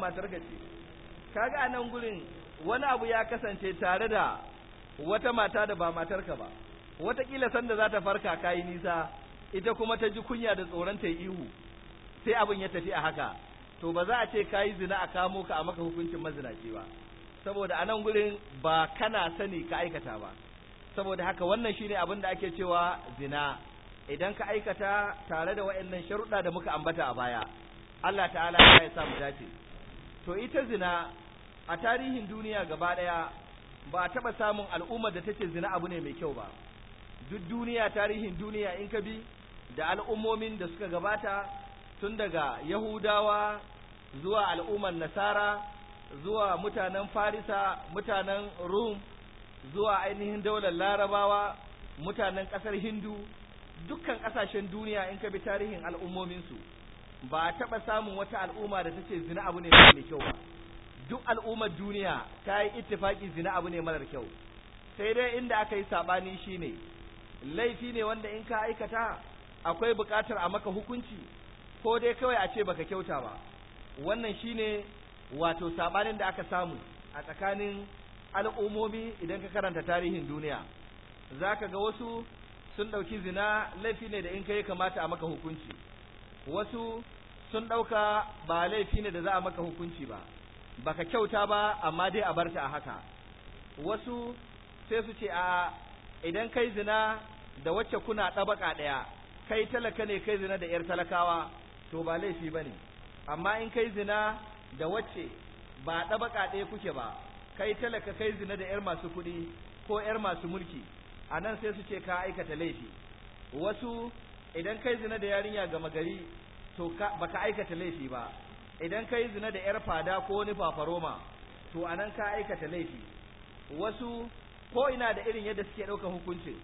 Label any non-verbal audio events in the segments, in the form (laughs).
matar ka ce kaga a nan gurin wani abu ya kasance tare da wata mata da ba matarka ba watakila sanda za ta farka kayi nisa ita kuma ta ji kunya da tsoron ta yi ihu sai abin ya tafi a haka to ba za a ce kayi zina a kamo ka a maka hukuncin mazinaci ba saboda a nan gurin ba kana sani ka aikata ba saboda haka wannan shine abin da ake cewa zina idan ka aikata tare da waɗannan sharuɗa da muka ambata a baya Allah ta'ala ya sa mu dace to ita zina a tarihin duniya gaba ɗaya ba a taɓa samun al'ummar da take zina abu ne mai kyau ba duk duniya tarihin duniya in ka bi da al'ummomin da suka gabata tun daga yahudawa zuwa al'ummar nasara zuwa mutanen farisa mutanen rum zuwa ainihin daular larabawa mutanen ƙasar hindu dukkan ƙasashen duniya in ka bi tarihin al'ummominsu ba a taɓa samun wata al'umma da ta ce zina abu ne mai kyau ba duk al'ummar duniya ta yi ittifaki zina abu ne marar kyau sai dai inda aka yi saɓani shi ne, laifi ne wanda in ka aikata akwai buƙatar a maka hukunci ko dai kawai a ce baka kyauta ba wannan shi ne wato saɓanin da aka samu a tsakanin al'ummomi idan ka karanta tarihin duniya za ka ga wasu sun ɗauki zina laifi ne da in ka yi kamata a maka hukunci wasu sun ɗauka ba laifi ne da za a maka hukunci ba baka kyauta ba amma dai a barta a haka wasu sai su ce a idan kai zina da wacce kuna ɗabaka ɗaya kai talaka ne kai zina da ‘yar talakawa to ba laifi ba ne amma in kai zina da wacce ba ɗabaka ɗaya kuke ba kai talaka kai zina da ‘yar masu kuɗi ko ‘yar masu mulki a nan sai su ce ka aikata laifi wasu idan kai zina da yarinya gama gari to baka aikata laifi ba idan kai zina da yar fada ko wani fafaroma to anan ka aikata laifi wasu ko ina da irin yadda suke ɗaukar hukunci,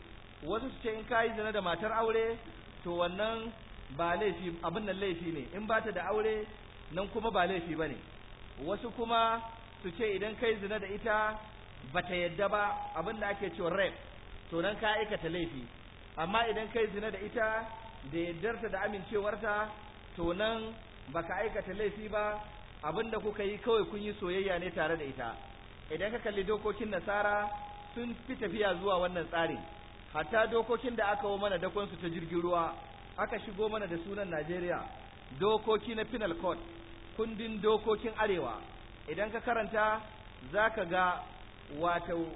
wasu su ce in kayi zina da matar aure to wannan ba laifi abin nan laifi ne in ba ta da aure nan kuma ba laifi ba ne wasu kuma su ce idan kai zina da ita ba ta yadda ba abin da ake cewa rape to nan ka aikata laifi amma idan kai zina da ita da yardarta da amincewarta to nan ba ka aikata laifi ba abinda kuka yi kawai kun yi soyayya ne tare da ita idan ka kalli dokokin nasara sun fi tafiya zuwa wannan tsari hatta dokokin da aka wo mana dakon su ta jirgin ruwa aka shigo mana da sunan Najeriya dokoki na penal code kundin dokokin arewa idan ka karanta zaka ga wato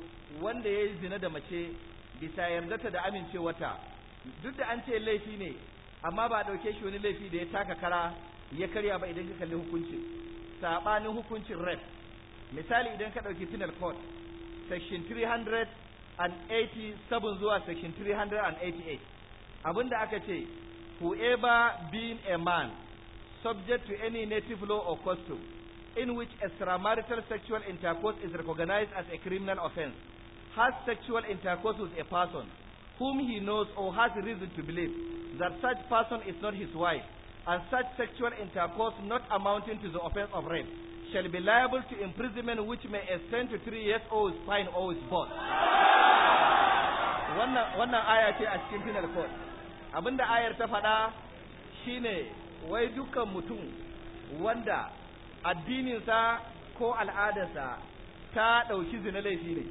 wanda ya zina da mace bisa ta da amincewarta duk da an ce laifi ne amma ba a ɗauke shi wani laifi da ya taka kara ya karya ba idan ka kalli hukuncin saɓanin hukuncin rep misali idan ka ɗauki penal court section 387 zuwa section 388 abinda aka ce whoever being a man subject to any native law or custom in which extramarital sexual intercourse is recognized as a criminal offense has sexual intercourse with a person whom he knows or has reason to believe that such person is not his wife, and such sexual intercourse not amounting to the offense of rape, shall be liable to imprisonment which may extend to three years or is fine or is both. Wannan aya ce a cikin penal code. da ayar ta faɗa shine wai dukkan mutum wanda addininsa ko al'adarsa ta ɗauki zina laifi ne.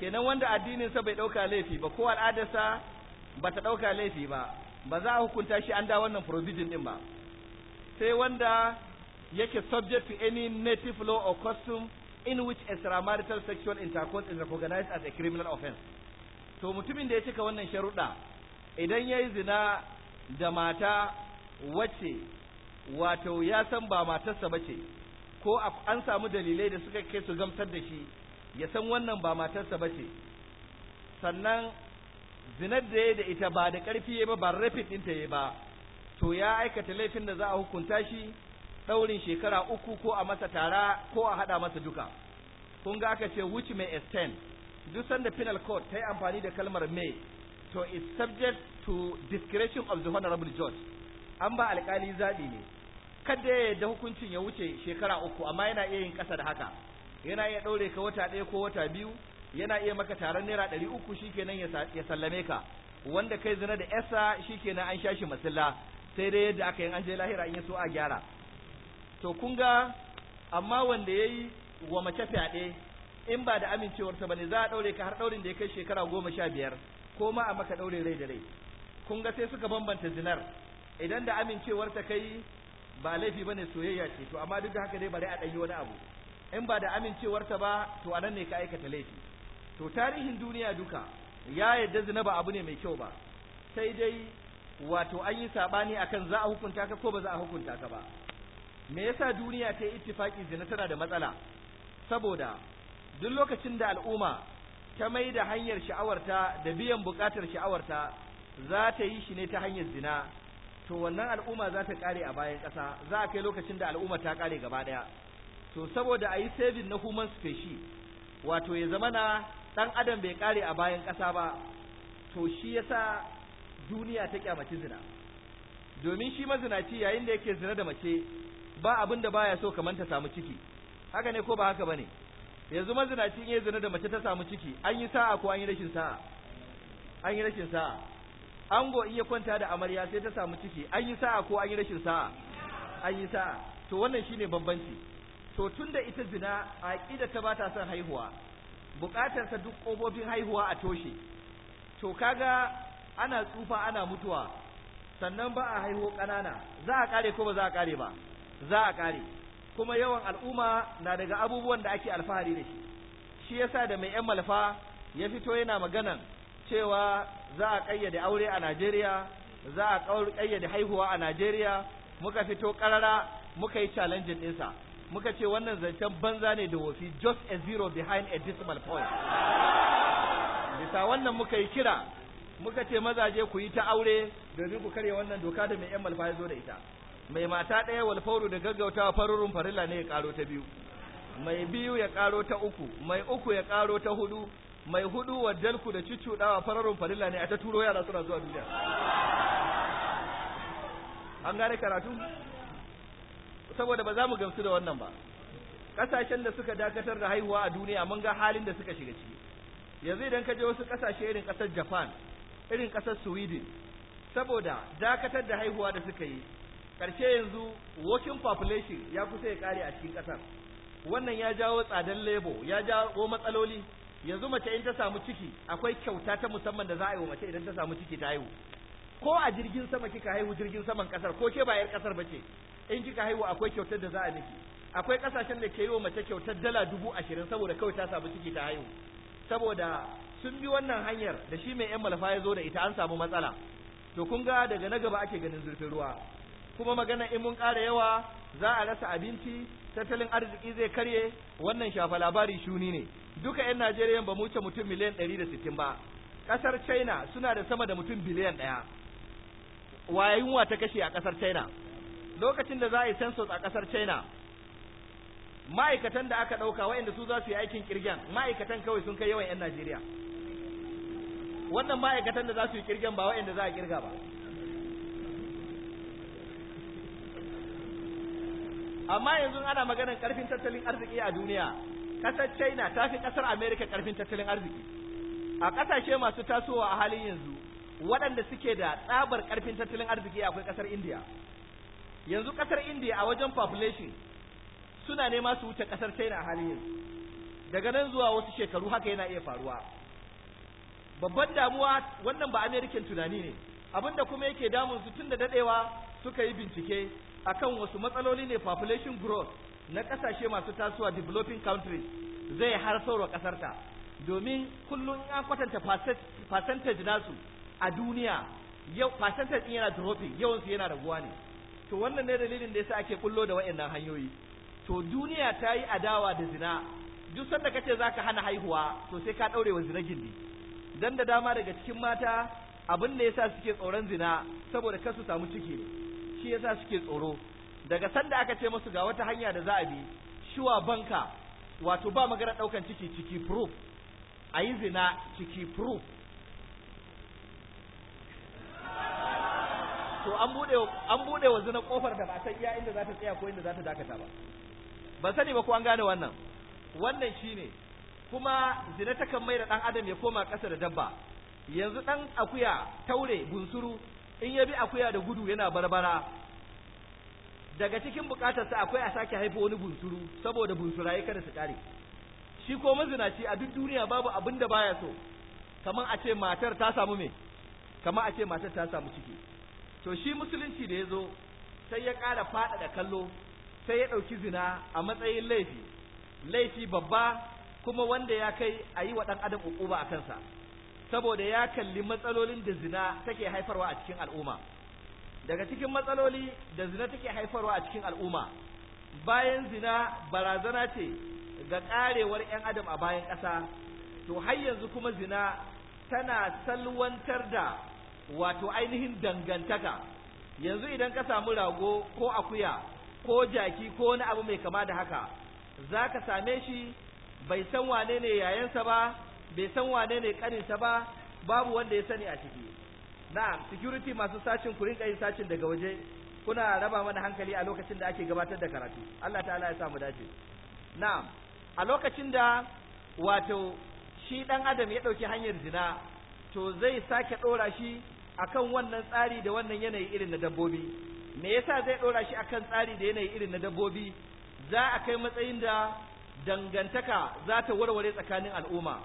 kenan wanda addinin sa bai ɗauka laifi ba ko al'adarsa ba ta ɗauka laifi ba ba za a hukunta shi an da wannan provision din ba sai wanda yake subject to any native law or custom in which extramarital sexual intercourse is recognized as a criminal offense to mutumin da ya cika wannan sharuɗa idan ya yi zina da mata wacce wato ya san ba matarsa ba ce ko an samu dalilai da suka kai su gamsar da shi ya san wannan ba matarsa ba ce sannan zinar da ya da ita ba da ƙarfi ya ba ba rafin ɗinta ya ba to ya aikata laifin da za a hukunta shi ɗaurin shekara uku ko a masa tara ko a haɗa masa duka kun ga aka ce which may extend duk sanda penal court ta yi amfani da kalmar may to is subject to discretion of the honorable judge an ba alƙali zaɓi ne kada ya yarda hukuncin ya wuce shekara uku amma yana iya yin ƙasa da haka yana iya ɗaure ka wata ɗaya ko wata biyu yana iya maka taron naira ɗari uku shikenan ya sallame ka wanda kai zina da yasa shikenan an sha shi masilla sai dai yadda aka yi an je lahira in ya so a gyara to kun ga amma wanda ya yi wa mace fyaɗe in ba da amincewarsa ba ne za a ɗaure ka har ɗaurin da ya kai shekara goma sha biyar ko ma a maka ɗaure rai da rai kun ga sai suka bambanta zinar idan da amincewarta kai ba laifi ba ne soyayya ce to amma duk da haka dai bari a ɗanyi wani abu in ba da amincewarta ba to anan ne ka aikata laifi to tarihin duniya duka ya yadda zina ba abu ne mai kyau ba sai dai wato an yi sabani akan za a hukunta ka ko ba za a hukunta ka ba me yasa duniya ta yi ittifaki zina tana da matsala saboda duk lokacin da al'umma ta mai da hanyar sha'awarta da biyan buƙatar sha'awarta za ta yi shi ne ta hanyar zina to wannan al'umma za ta kare a bayan ƙasa za a kai lokacin da al'umma ta kare gaba ɗaya to saboda a yi saving na human species wato ya zama na ɗan adam bai kare a bayan ƙasa ba to shi yasa duniya ta kyamaci zina domin shi mazinaci yayin da yake zina da mace ba abin da baya so kamar ta samu ciki haka ne ko ba haka ba ne? yanzu mazinaci in ya zina da mace ta samu ciki an yi sa'a ko an yi rashin sa'a an yi rashin sa'a ango iya kwanta da amarya sai ta samu ciki an yi sa'a ko an yi rashin sa'a an yi sa'a to wannan shi ne bambanci to tun da ita zina a aqida ta bata son haihuwa bukatar sa duk kofofin haihuwa a toshe to kaga ana tsufa ana mutuwa sannan ba a haihu kanana za a kare ko ba za a kare ba za a kare kuma yawan al'umma na daga abubuwan da ake alfahari da shi shi yasa da mai yan malfa ya fito yana maganan cewa za a kayyade aure a Najeriya za a kayyade haihuwa a Najeriya muka fito ƙarara muka yi challenging ɗinsa muka ce wannan zancen banza ne da wofi just a zero behind a decimal point bisa wannan muka yi kira muka ce mazaje ku yi ta aure domin ku karya wannan doka da mai yan malfa ya zo da ita mai mata ɗaya walfauru da gaggautawa farurin farilla ne ya karo ta biyu mai biyu ya karo ta uku mai uku ya karo ta hudu mai hudu wa da cuccuɗawa fararun farilla ne a ta turo yara suna zuwa duniya an gane karatu saboda ba za mu gamsu da wannan ba kasashen da suka dakatar da haihuwa a duniya mun ga halin da suka shiga ciki yanzu idan ka je wasu kasashe irin kasar Japan irin kasar Sweden saboda dakatar da haihuwa da suka yi karshe yanzu working population ya kusa ya kare a cikin kasar wannan ya jawo tsadan labor ya jawo matsaloli yanzu mace in ta samu ciki akwai kyauta ta musamman da za a yi wa mace idan ta samu ciki ta haihu ko a jirgin sama kika haihu jirgin saman kasar ko ke ba yar ba ce in kika haihu akwai kyautar da za a miki akwai kasashen da ke yi wa mace kyautar dala dubu ashirin saboda kawai ta samu ciki ta haihu saboda sun bi wannan hanyar da shi mai yan malafa ya zo da ita an samu matsala to kun ga daga na gaba ake ganin zurfin ruwa kuma magana in mun ƙara yawa za a rasa abinci tattalin arziki zai karye wannan shafa labari shuni ne duka 'yan najeriya ba mu wuce mutum miliyan ɗari da sittin ba ƙasar china suna da sama da mutum biliyan ɗaya waye yunwa ta kashe a ƙasar China lokacin da za a yi census a ƙasar China ma'aikatan da aka ɗauka waɗanda su za su yi aikin kirgen ma'aikatan kawai sun kai yawan 'yan Najeriya wannan ma'aikatan da za su yi kirgen ba waɗanda za a kirga ba amma yanzu ana maganar karfin tattalin arziki a duniya ƙasar China ta fi ƙasar America karfin tattalin arziki a ƙasashe masu tasowa a halin yanzu waɗanda suke da tsabar ƙarfin tattalin arziki akwai ƙasar indiya yanzu ƙasar indiya a wajen population suna nema su wuce ƙasar china a halin yanzu daga nan zuwa wasu shekaru haka yana iya faruwa babban damuwa wannan ba american tunani ne abinda kuma yake damun su tun da daɗewa suka yi bincike akan wasu matsaloli ne population growth na ƙasashe masu tasowa developing countries zai har sauro kasarta domin kullum an kwatanta percentage nasu a duniya yau fasantar din yana dropping yawansu yana raguwa ne to wannan ne dalilin da yasa ake kullo da waɗannan hanyoyi to duniya ta yi adawa da zina duk sanda kace zaka hana haihuwa to sai ka daure wa zina gindi dan da dama daga cikin mata abin da yasa suke tsoron zina saboda kar su samu ciki ne shi yasa suke tsoro daga sanda aka ce musu ga wata hanya da za a bi shuwa banka wato ba magana daukan ciki ciki proof a yi zina ciki proof to an bude an bude wa zina kofar da ba san iya inda za ta tsaya ko inda za ta dakata ba ban sani ba ko an gane wannan wannan shi ne. kuma zina takan mai da ɗan adam ya koma ƙasa da dabba yanzu ɗan akuya taure gunsuru in ya bi akuya da gudu yana barbara daga cikin bukatarsa akwai a sake haifa wani gunsuru saboda bunsuraye kada su ƙare shi ko mazinaci a duk duniya babu abin da baya so kamar a ce matar ta samu mai. kama a ce matar ta samu ciki to shi musulunci da ya zo sai ya ƙara da kallo sai ya ɗauki zina a matsayin laifi laifi babba kuma wanda ya kai a yi wa ɗan adam uquba a kansa saboda ya kalli matsalolin da zina take haifarwa a cikin al'umma daga cikin matsaloli da zina take haifarwa a cikin al'umma bayan zina barazana ce ga ƙarewar 'yan adam a bayan ƙasa to har yanzu kuma zina tana salwantar da wato ainihin dangantaka yanzu idan ka samu rago ko akuya ko jaki ko wani abu mai kama da haka za ka same shi bai san wane ne yayansa ba bai san wane ne kaninsa ba babu wanda ya sani a ciki na'am security masu sacin ku rinka yin sacin daga waje kuna raba mana hankali a lokacin da ake gabatar da karatu Allah ta'ala ya samu dace na'am a lokacin da wato shi ɗan adam ya ɗauki hanyar zina to zai sake ɗora shi akan wannan tsari da wannan yanayi irin na dabbobi me yasa zai ɗora shi akan tsari da yanayi irin na dabbobi za a kai matsayin da dangantaka za ta warware tsakanin al'umma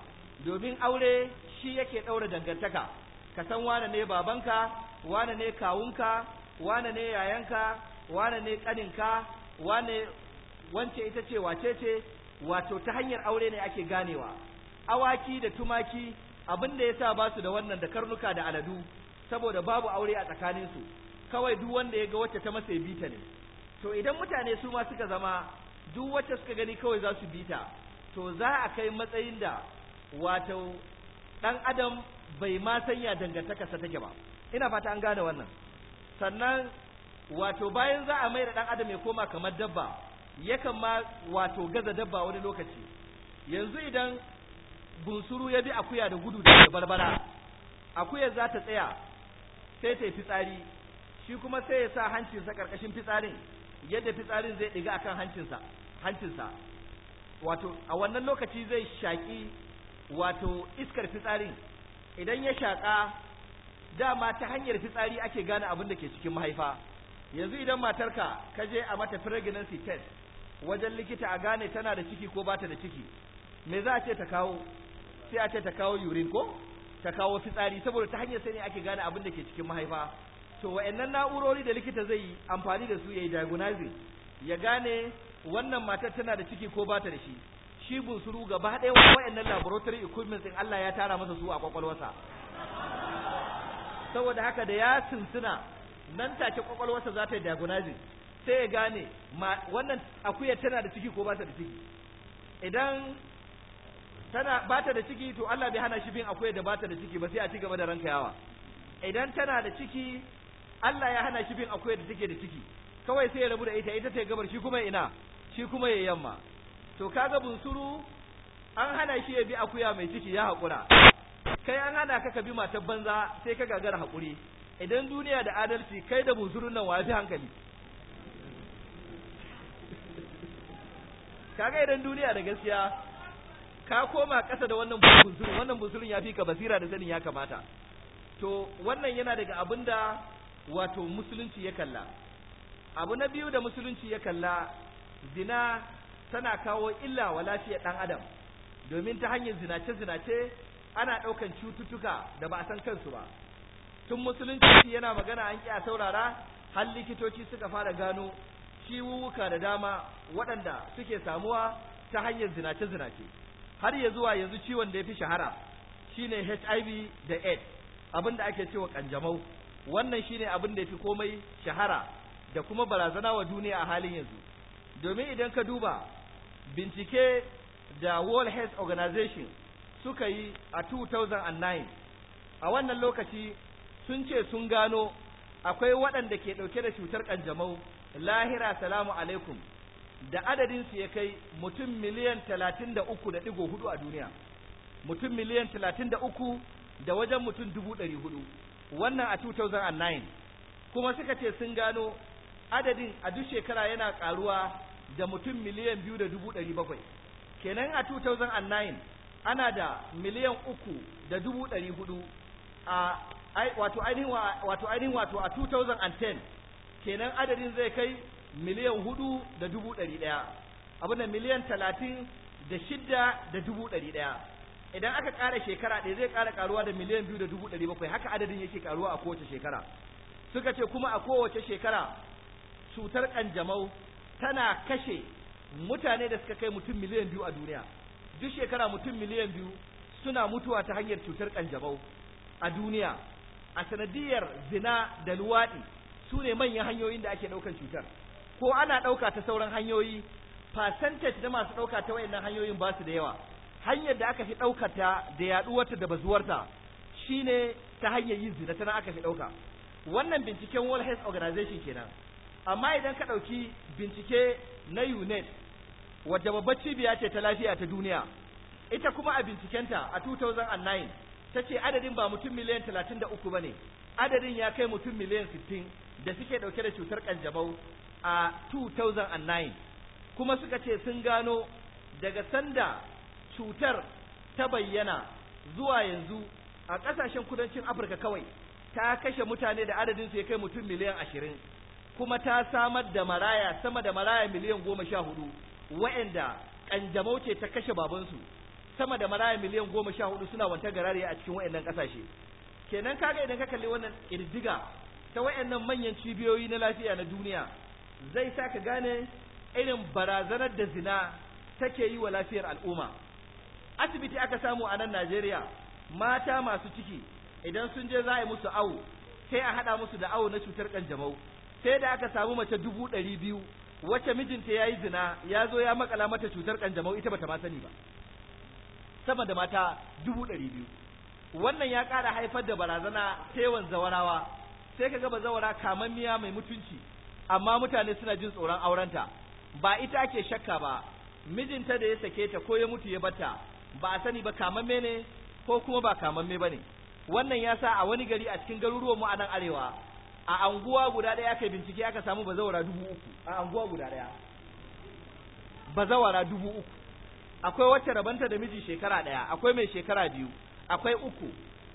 domin aure shi yake ɗaura dangantaka ka san wane ne babanka wane ne kawunka wane ne yayanka wane ne ƙaninka wane wance ita ce wace ce wato ta hanyar aure ne ake ganewa awaki da tumaki abin da sa ba su da wannan da karnuka da aladu saboda babu aure a tsakaninsu kawai duk wanda ya ga wacce ta masa bita ne to idan mutane su ma suka zama duk wacce suka gani kawai za su ta to za a kai matsayin da wato dan adam bai ma sanya sa take ba ina fata an gane wannan sannan wato bayan za a mai da dan adam ya koma kamar dabba yakan ma wato gaza dabba wani lokaci yanzu idan bunsuru ya bi akuya da gudu da barbara akuya za ta tsaya sai ta yi fitsari shi kuma sai ya sa hancinsa ƙarƙashin fitsarin yadda fitsarin zai ɗiga akan hancinsa hancinsa wato a wannan lokaci zai shaƙi wato iskar fitsarin idan ya shaƙa dama ta hanyar fitsari ake gane abin da ke cikin mahaifa yanzu idan matarka ka je a mata pregnancy test wajen likita a gane tana da ciki ko bata da ciki me za a ce ta kawo sai a ce ta kawo urine ko ta kawo fitsari saboda ta hanyar sai ne ake gane abin da ke cikin mahaifa to wa'annan na'urori da likita zai yi amfani da su ya diagnosis ya gane wannan matar tana da ciki ko bata da shi shi bunsuru gaba ɗaya wa'annan laboratory equipment din Allah ya tara masa su a kwakwalwarsa saboda haka da ya tuntuna nan take kwakwalwarsa za ta yi diagnosis sai ya gane wannan akuyar tana da ciki ko bata da ciki idan tana bata da ciki to Allah bai hana shi bin akwai da bata da ciki ba sai a ci gaba da ranka yawa idan tana da ciki Allah ya hana shi bin akwai da take da ciki kawai sai ya rabu da ita ita ta gabar shi kuma ina shi kuma ya yamma to kaga bunsuru an hana shi ya bi akuya mai ciki ya haƙura kai an hana ka ka bi matar banza sai ka gagara haƙuri idan duniya da adalci kai da bunsurun nan wa hankali kaga idan duniya da gaskiya ka koma ƙasa da wannan bunzurin wannan bunzurin ya fi ka basira da sanin ya kamata to wannan yana daga abin da wato musulunci ya kalla abu na biyu da musulunci ya kalla zina tana kawo illa wa lafiyar ɗan adam domin ta hanyar zinace-zinace ana ɗaukan cututtuka da ba a san kansu ba tun musulunci yana magana an ƙi saurara har likitoci suka fara gano ciwuwuka da dama waɗanda suke samuwa ta hanyar zinace-zinace har ya zuwa yanzu ciwon da ya fi shahara shine HIV da AIDS abin da ake cewa kanjamau wannan shine abin da ya fi komai shahara da kuma barazana wa duniya a halin yanzu domin idan ka duba bincike da World Health Organization suka yi a 2009 a wannan lokaci sun ce sun gano akwai waɗanda ke ɗauke da cutar kanjamau lahira salamu alaikum da adadin su ya kai mutum miliyan talatin da uku da digo hudu a duniya mutum miliyan talatin da uku da wajen mutum dubu ɗari hudu wannan a 2009 kuma suka ce sun gano adadin a duk shekara yana ƙaruwa da mutum miliyan biyu da dubu ɗari bakwai kenan a 2009 ana da miliyan uku da dubu ɗari hudu a wato ainihin wato a 2010 kenan adadin zai kai miliyan hudu da dubu ɗari ɗaya abin da miliyan talatin da shidda da dubu ɗari ɗaya idan aka ƙara shekara ɗaya zai ƙara ƙaruwa da miliyan biyu da dubu ɗari bakwai haka adadin yake ƙaruwa a kowace shekara suka ce kuma a kowace shekara cutar ƙanjamau tana kashe mutane da suka kai mutum miliyan biyu a duniya duk shekara mutum miliyan biyu suna mutuwa ta hanyar cutar ƙanjamau a duniya a sanadiyar zina da luwaɗi su ne manyan hanyoyin da ake ɗaukan cutar ko ana ɗauka ta sauran hanyoyi percentage na masu ɗauka ta wayannan hanyoyin ba su da yawa hanyar da aka fi ɗauka ta da yaɗuwarta da bazuwarta shine ta hanyar yin zina tana aka fi ɗauka wannan binciken World Health Organization kenan amma idan ka ɗauki bincike na UNED wadda babbar cibiya ce ta lafiya ta duniya ita kuma a bincikenta a 2009 ta ce adadin ba mutum miliyan 33 ba ne adadin ya kai mutum miliyan 60 da suke ɗauke da cutar ƙanjamau. a 2009 kuma suka ce sun gano daga sanda cutar ta bayyana zuwa yanzu a ƙasashen kudancin afirka kawai ta kashe mutane da adadin su ya kai mutum miliyan ashirin kuma ta samar da maraya sama da maraya miliyan goma sha hudu wa'anda ƙanjamau ce ta kashe babansu sama da maraya miliyan goma sha hudu suna wanta garariya a cikin wa'annan ƙasashe kenan kaga idan ka kalli wannan ƙirdiga ta wa'annan manyan cibiyoyi na lafiya na duniya zai sa ka gane irin barazanar da zina take yi wa lafiyar al'umma asibiti aka samu a nan Najeriya mata masu ciki idan sun je za a yi musu awo sai a haɗa musu da awo na cutar kanjamau sai da aka samu mace dubu ɗari biyu wacce mijinta ya yi zina ya zo ya makala mata cutar kanjamau ita bata ma sani ba sama da mata dubu ɗari biyu wannan ya ƙara haifar da barazana ta yawan zawarawa sai ka gaba zawara kamammiya mai mutunci amma mutane suna jin tsoron aurenta ba ita ake shakka ba mijinta da ya sake ta ko ya mutu ya bata ba a sani ba kamamme ne ko kuma ba kamamme bane wannan ya sa a wani gari a cikin garuruwan mu a nan arewa a anguwa guda ɗaya aka bincike aka samu bazawara dubu uku a anguwa guda ɗaya bazawara dubu uku akwai wacce rabanta da miji shekara ɗaya akwai mai shekara biyu akwai uku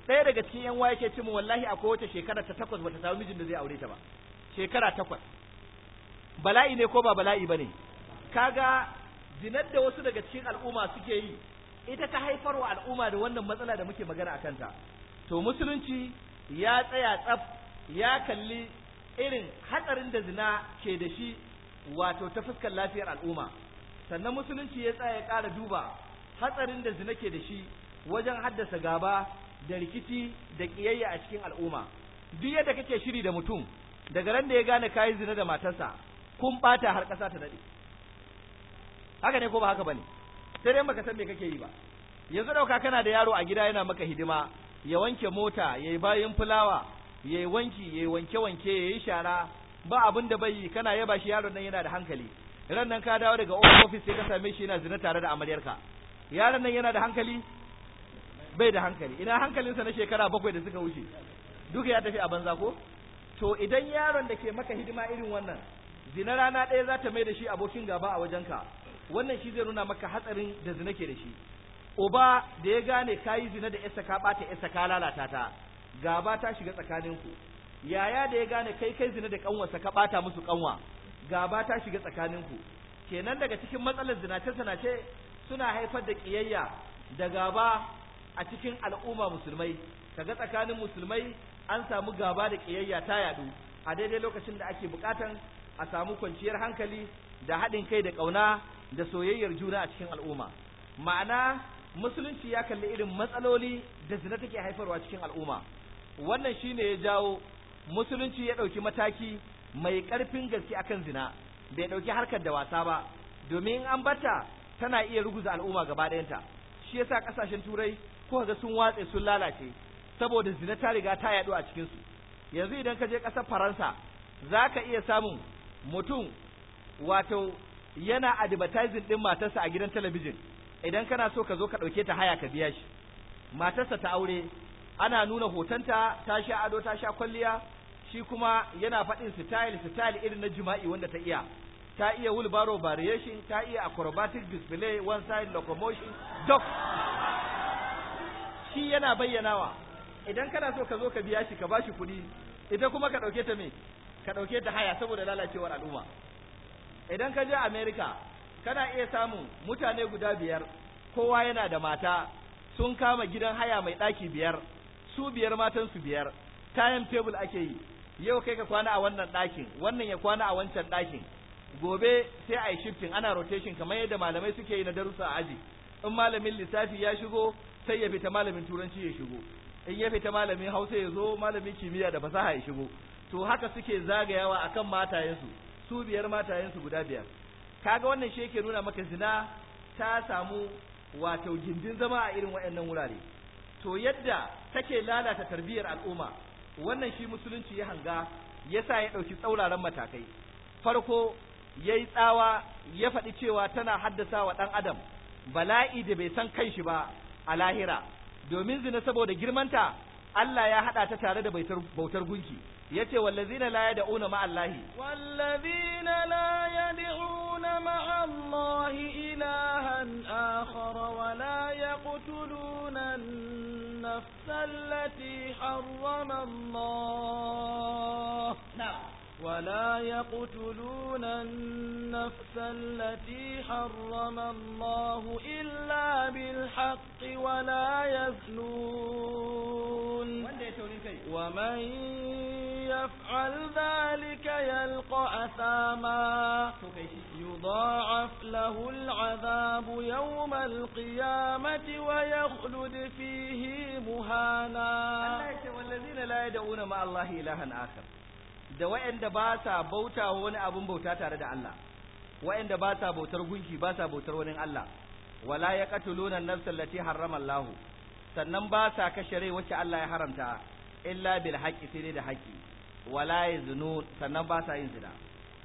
ɗaya daga cikin yan waye ke cimma wallahi akwai wacce shekara ta takwas bata samu mijin da zai aure ta ba shekara takwas bala'i ne ko ba bala'i ba ne kaga zinar da wasu daga cikin al'umma suke yi ita ta haifar wa al'umma da wannan matsala da muke magana a kanta to musulunci ya tsaya tsaf ya kalli irin hatsarin da zina ke da shi wato ta fuskar lafiyar al'umma sannan musulunci ya tsaya ya ƙara duba hatsarin da zina ke da shi wajen haddasa gaba da rikici da ƙiyayya a cikin al'umma duk yadda kake shiri da mutum daga ran da ya gane kayi zina da matarsa kun bata har kasa ta daɗe haka ne ko ba haka bane sai dai baka san me kake yi ba yanzu dauka kana da yaro a gida yana maka hidima ya wanke mota ya yi fulawa ya yi wanki ya wanke wanke ya shara ba abin da bai yi kana yaba shi yaron nan yana da hankali ran nan ka dawo daga office sai ka same shi yana zina tare da amaryarka yaron nan yana da hankali bai da hankali ina hankalinsa na shekara bakwai da suka wuce duka ya tafi a banza ko to idan yaron da ke maka hidima irin wannan zina rana ɗaya za ta mai da shi abokin gaba a wajenka wannan shi zai nuna maka hatsarin da zina ke da shi uba da ya gane ka yi zina da yasa ka ɓata yasa ka lalata ta gaba ta shiga tsakaninku yaya da ya gane kai kai zina da ƙanwarsa ka ɓata musu ƙanwa gaba ta shiga tsakaninku kenan daga cikin matsalar zinace zinace suna haifar da ƙiyayya da gaba a cikin al'umma musulmai Ka ga tsakanin musulmai an samu gaba da ƙiyayya ta yadu a daidai lokacin da ake bukatan a samu kwanciyar hankali da haɗin kai da ƙauna da soyayyar juna a cikin al'umma ma'ana musulunci ya kalli irin matsaloli da zina take haifarwa cikin al'umma wannan shine ya jawo musulunci ya ɗauki mataki mai ƙarfin gaske akan zina bai ɗauki harkar da wasa ba domin an bata tana iya ruguza al'umma gaba ɗayanta shi yasa ƙasashen turai ko ga sun watse sun lalace saboda zina ta riga ta yaɗu a cikinsu yanzu idan ka je ƙasar faransa za ka iya samun mutum wato yana advertising din matarsa a gidan talabijin idan kana so ka zo ka ɗauke ta haya ka biya shi matarsa ta aure ana nuna hotonta ta sha ado ta sha kwalliya shi kuma yana faɗin style style irin na jima'i wanda ta iya ta iya wheelbarrow variation ta iya acrobatic display one side locomotion duk shi yana bayyanawa idan kana so ka zo ka biya shi ka ba shi kuɗi ita kuma ka ɗauke ta me ka ɗauke ta haya saboda lalacewar al'umma idan ka je america kana iya samun mutane guda biyar kowa yana da mata sun kama gidan haya mai ɗaki biyar su biyar matan su biyar time table ake yi yau kai ka kwana a wannan ɗakin wannan ya kwana a wancan ɗakin gobe sai a yi shifting ana rotation kamar yadda malamai suke yi na darussa a aji in malamin lissafi ya shigo sai ya fita malamin turanci ya shigo in ya fita malamin hausa ya zo malamin kimiyya da fasaha ya shigo to haka suke zagayawa a kan matayensu su biyar matayensu guda biyar kaga wannan shi yake nuna maka zina ta samu wato gindin zama a irin waɗannan wurare to yadda take lalata tarbiyyar al'umma wannan shi musulunci ya hanga ya sa ya ɗauki tsauraran matakai farko ya yi tsawa ya faɗi cewa tana haddasa wa ɗan adam bala'i da bai san kanshi ba a lahira domin zina saboda girmanta Allah ya haɗa ta tare da bautar gunki Ya yace wallazina la yad'una ma Allahi wallazina la yad'una ma Allahi ilahan akhar wa la yaqtuluna an-nafsa allati harrama Allah na'am ولا يقتلون النفس التي حرم الله إلا بالحق ولا يزنون ومن يفعل ذلك يلقى أثاما يضاعف له العذاب يوم القيامة ويخلد فيه مهانا والذين لا يدعون مع الله إلها آخر da waɗanda ba sa bauta wani abin bauta tare da Allah waɗanda ba sa bautar gunki ba sa bautar wani Allah wala ya qatuluna an-nafs allati harrama Allah sannan ba sa kashe rai wacce Allah ya haramta illa bil haqqi sai dai da haqqi wala yazunu sannan ba sa yin zina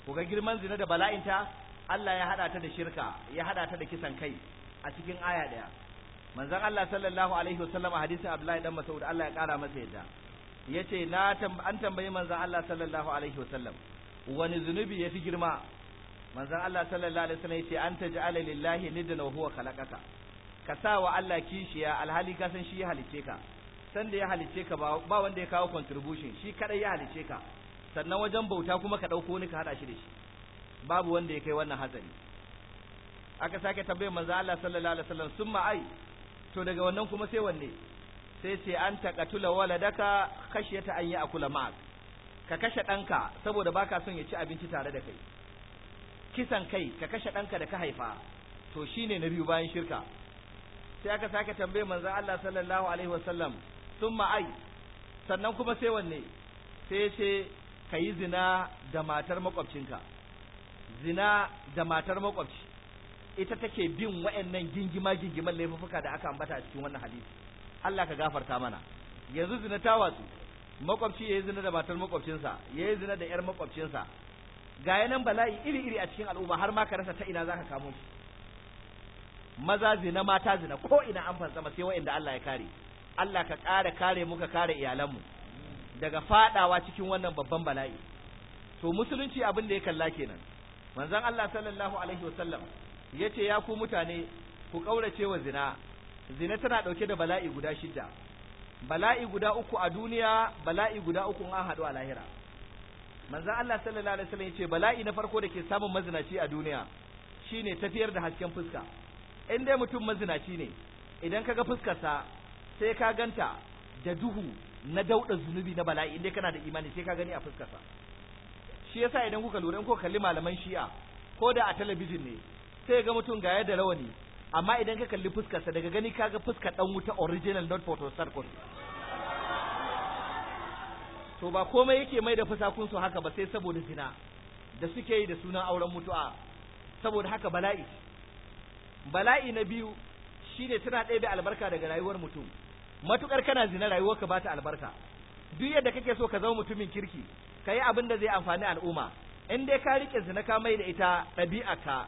ku ga girman zina da bala'inta Allah ya hada ta da shirka ya hada ta da kisan kai a cikin aya daya manzon Allah sallallahu alaihi wasallam hadisin Abdullahi dan Mas'ud Allah ya kara masa yadda yace na an tambayi manzon Allah sallallahu alaihi wasallam wani zunubi yafi girma manzon Allah sallallahu alaihi wasallam yace an taj'ala lillahi niddan wa huwa khalaqaka ka sa wa Allah kishiya alhali ka san shi ya halice ka san da ya halice ka ba wanda ya kawo contribution shi kadai ya halice ka sannan wajen bauta kuma ka dauko ni ka hada shi da shi babu wanda ya kai wannan hatsari aka sake tambayar manzo Allah sallallahu alaihi wasallam summa ai to daga wannan kuma sai wanne sai ce an daka waladaka ta an yi a ma'ak ka kashe ɗanka saboda baka son ya ci abinci tare da kai kisan kai ka kashe ɗanka da ka haifa to shine na biyu bayan shirka sai aka sake tambaye manza Allah sallallahu alaihi wasallam sun ma'ai sannan kuma sai wanne sai ce ka yi zina da matar makwabcinka zina da matar makwabci ita take bin wa'annan gingima gingiman laifuka da aka ambata a cikin wannan hadisi Allah ka gafarta mana yanzu zina ta watsu makwabci yayi zina da matar makwabcinsa yi zina da yar makwabcinsa ga nan bala'i iri iri a cikin al'umma har ma ka rasa ta ina ka kamo su maza zina mata zina ko ina an fantsama sai wanda Allah ya kare Allah ka ƙara kare mu ka iyalan mu. daga fadawa cikin wannan babban bala'i to musulunci abin da ya kalla kenan manzon Allah sallallahu alaihi wasallam yace ya ku mutane ku kaurace wa zina zina tana ɗauke da bala'i guda shida bala'i guda uku a duniya bala'i guda uku an haɗu a lahira manzan Allah sallallahu alaihi wasallam yace bala'i na farko da ke samun mazinaci a duniya shine tafiyar da hasken fuska in dai mutum mazinaci ne idan kaga fuskarsa sai ka ganta da duhu na dauɗa zunubi na bala'i in dai kana da imani sai ka gani a fuskarsa shi yasa idan kuka lura ko kalli malaman shi'a ko da a talabijin ne sai ga mutum ga da rawani amma idan ka kalli fuskarsa daga gani kaga fuskar dan wuta original not photo sarkon to ba komai yake mai da fusakun su haka ba sai saboda zina da suke yi da sunan auren mutu'a saboda haka bala'i bala'i na biyu shine tana ɗebe albarka daga rayuwar mutum matukar kana zina rayuwarka ba ta albarka duk yadda kake so ka zama mutumin kirki ka yi abin da zai amfani al'umma in dai ka rike zina ka mai da ita ɗabi'a ka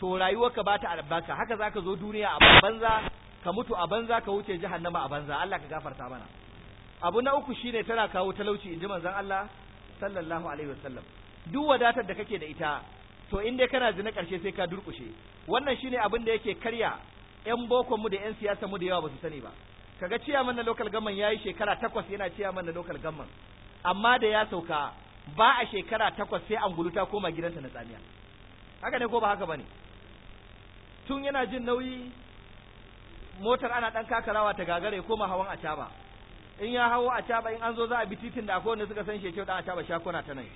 to rayuwarka ba ta albarka haka za ka zo duniya a banza ka mutu a banza ka wuce jahannama a banza Allah ka gafarta mana abu na uku shine tana kawo talauci inji manzon Allah sallallahu alaihi wasallam duk wadatar da kake da ita to in dai kana zina karshe sai ka durkushe wannan shine abin da yake karya yan bokonmu mu da yan siyasa mu da yawa ba su sani ba kaga ciya na local government yayi shekara takwas yana ciya mana local government amma da ya sauka ba a shekara takwas sai angulu ta koma gidanta na tsamiya haka ne ko ba haka bane tun yana jin nauyi motar ana ɗan kakarawa ta gagare koma hawan acaba in ya hawo acaba in an zo za a bi titin da akwai wanda suka san shekyau ɗan acaba shakuna ta nan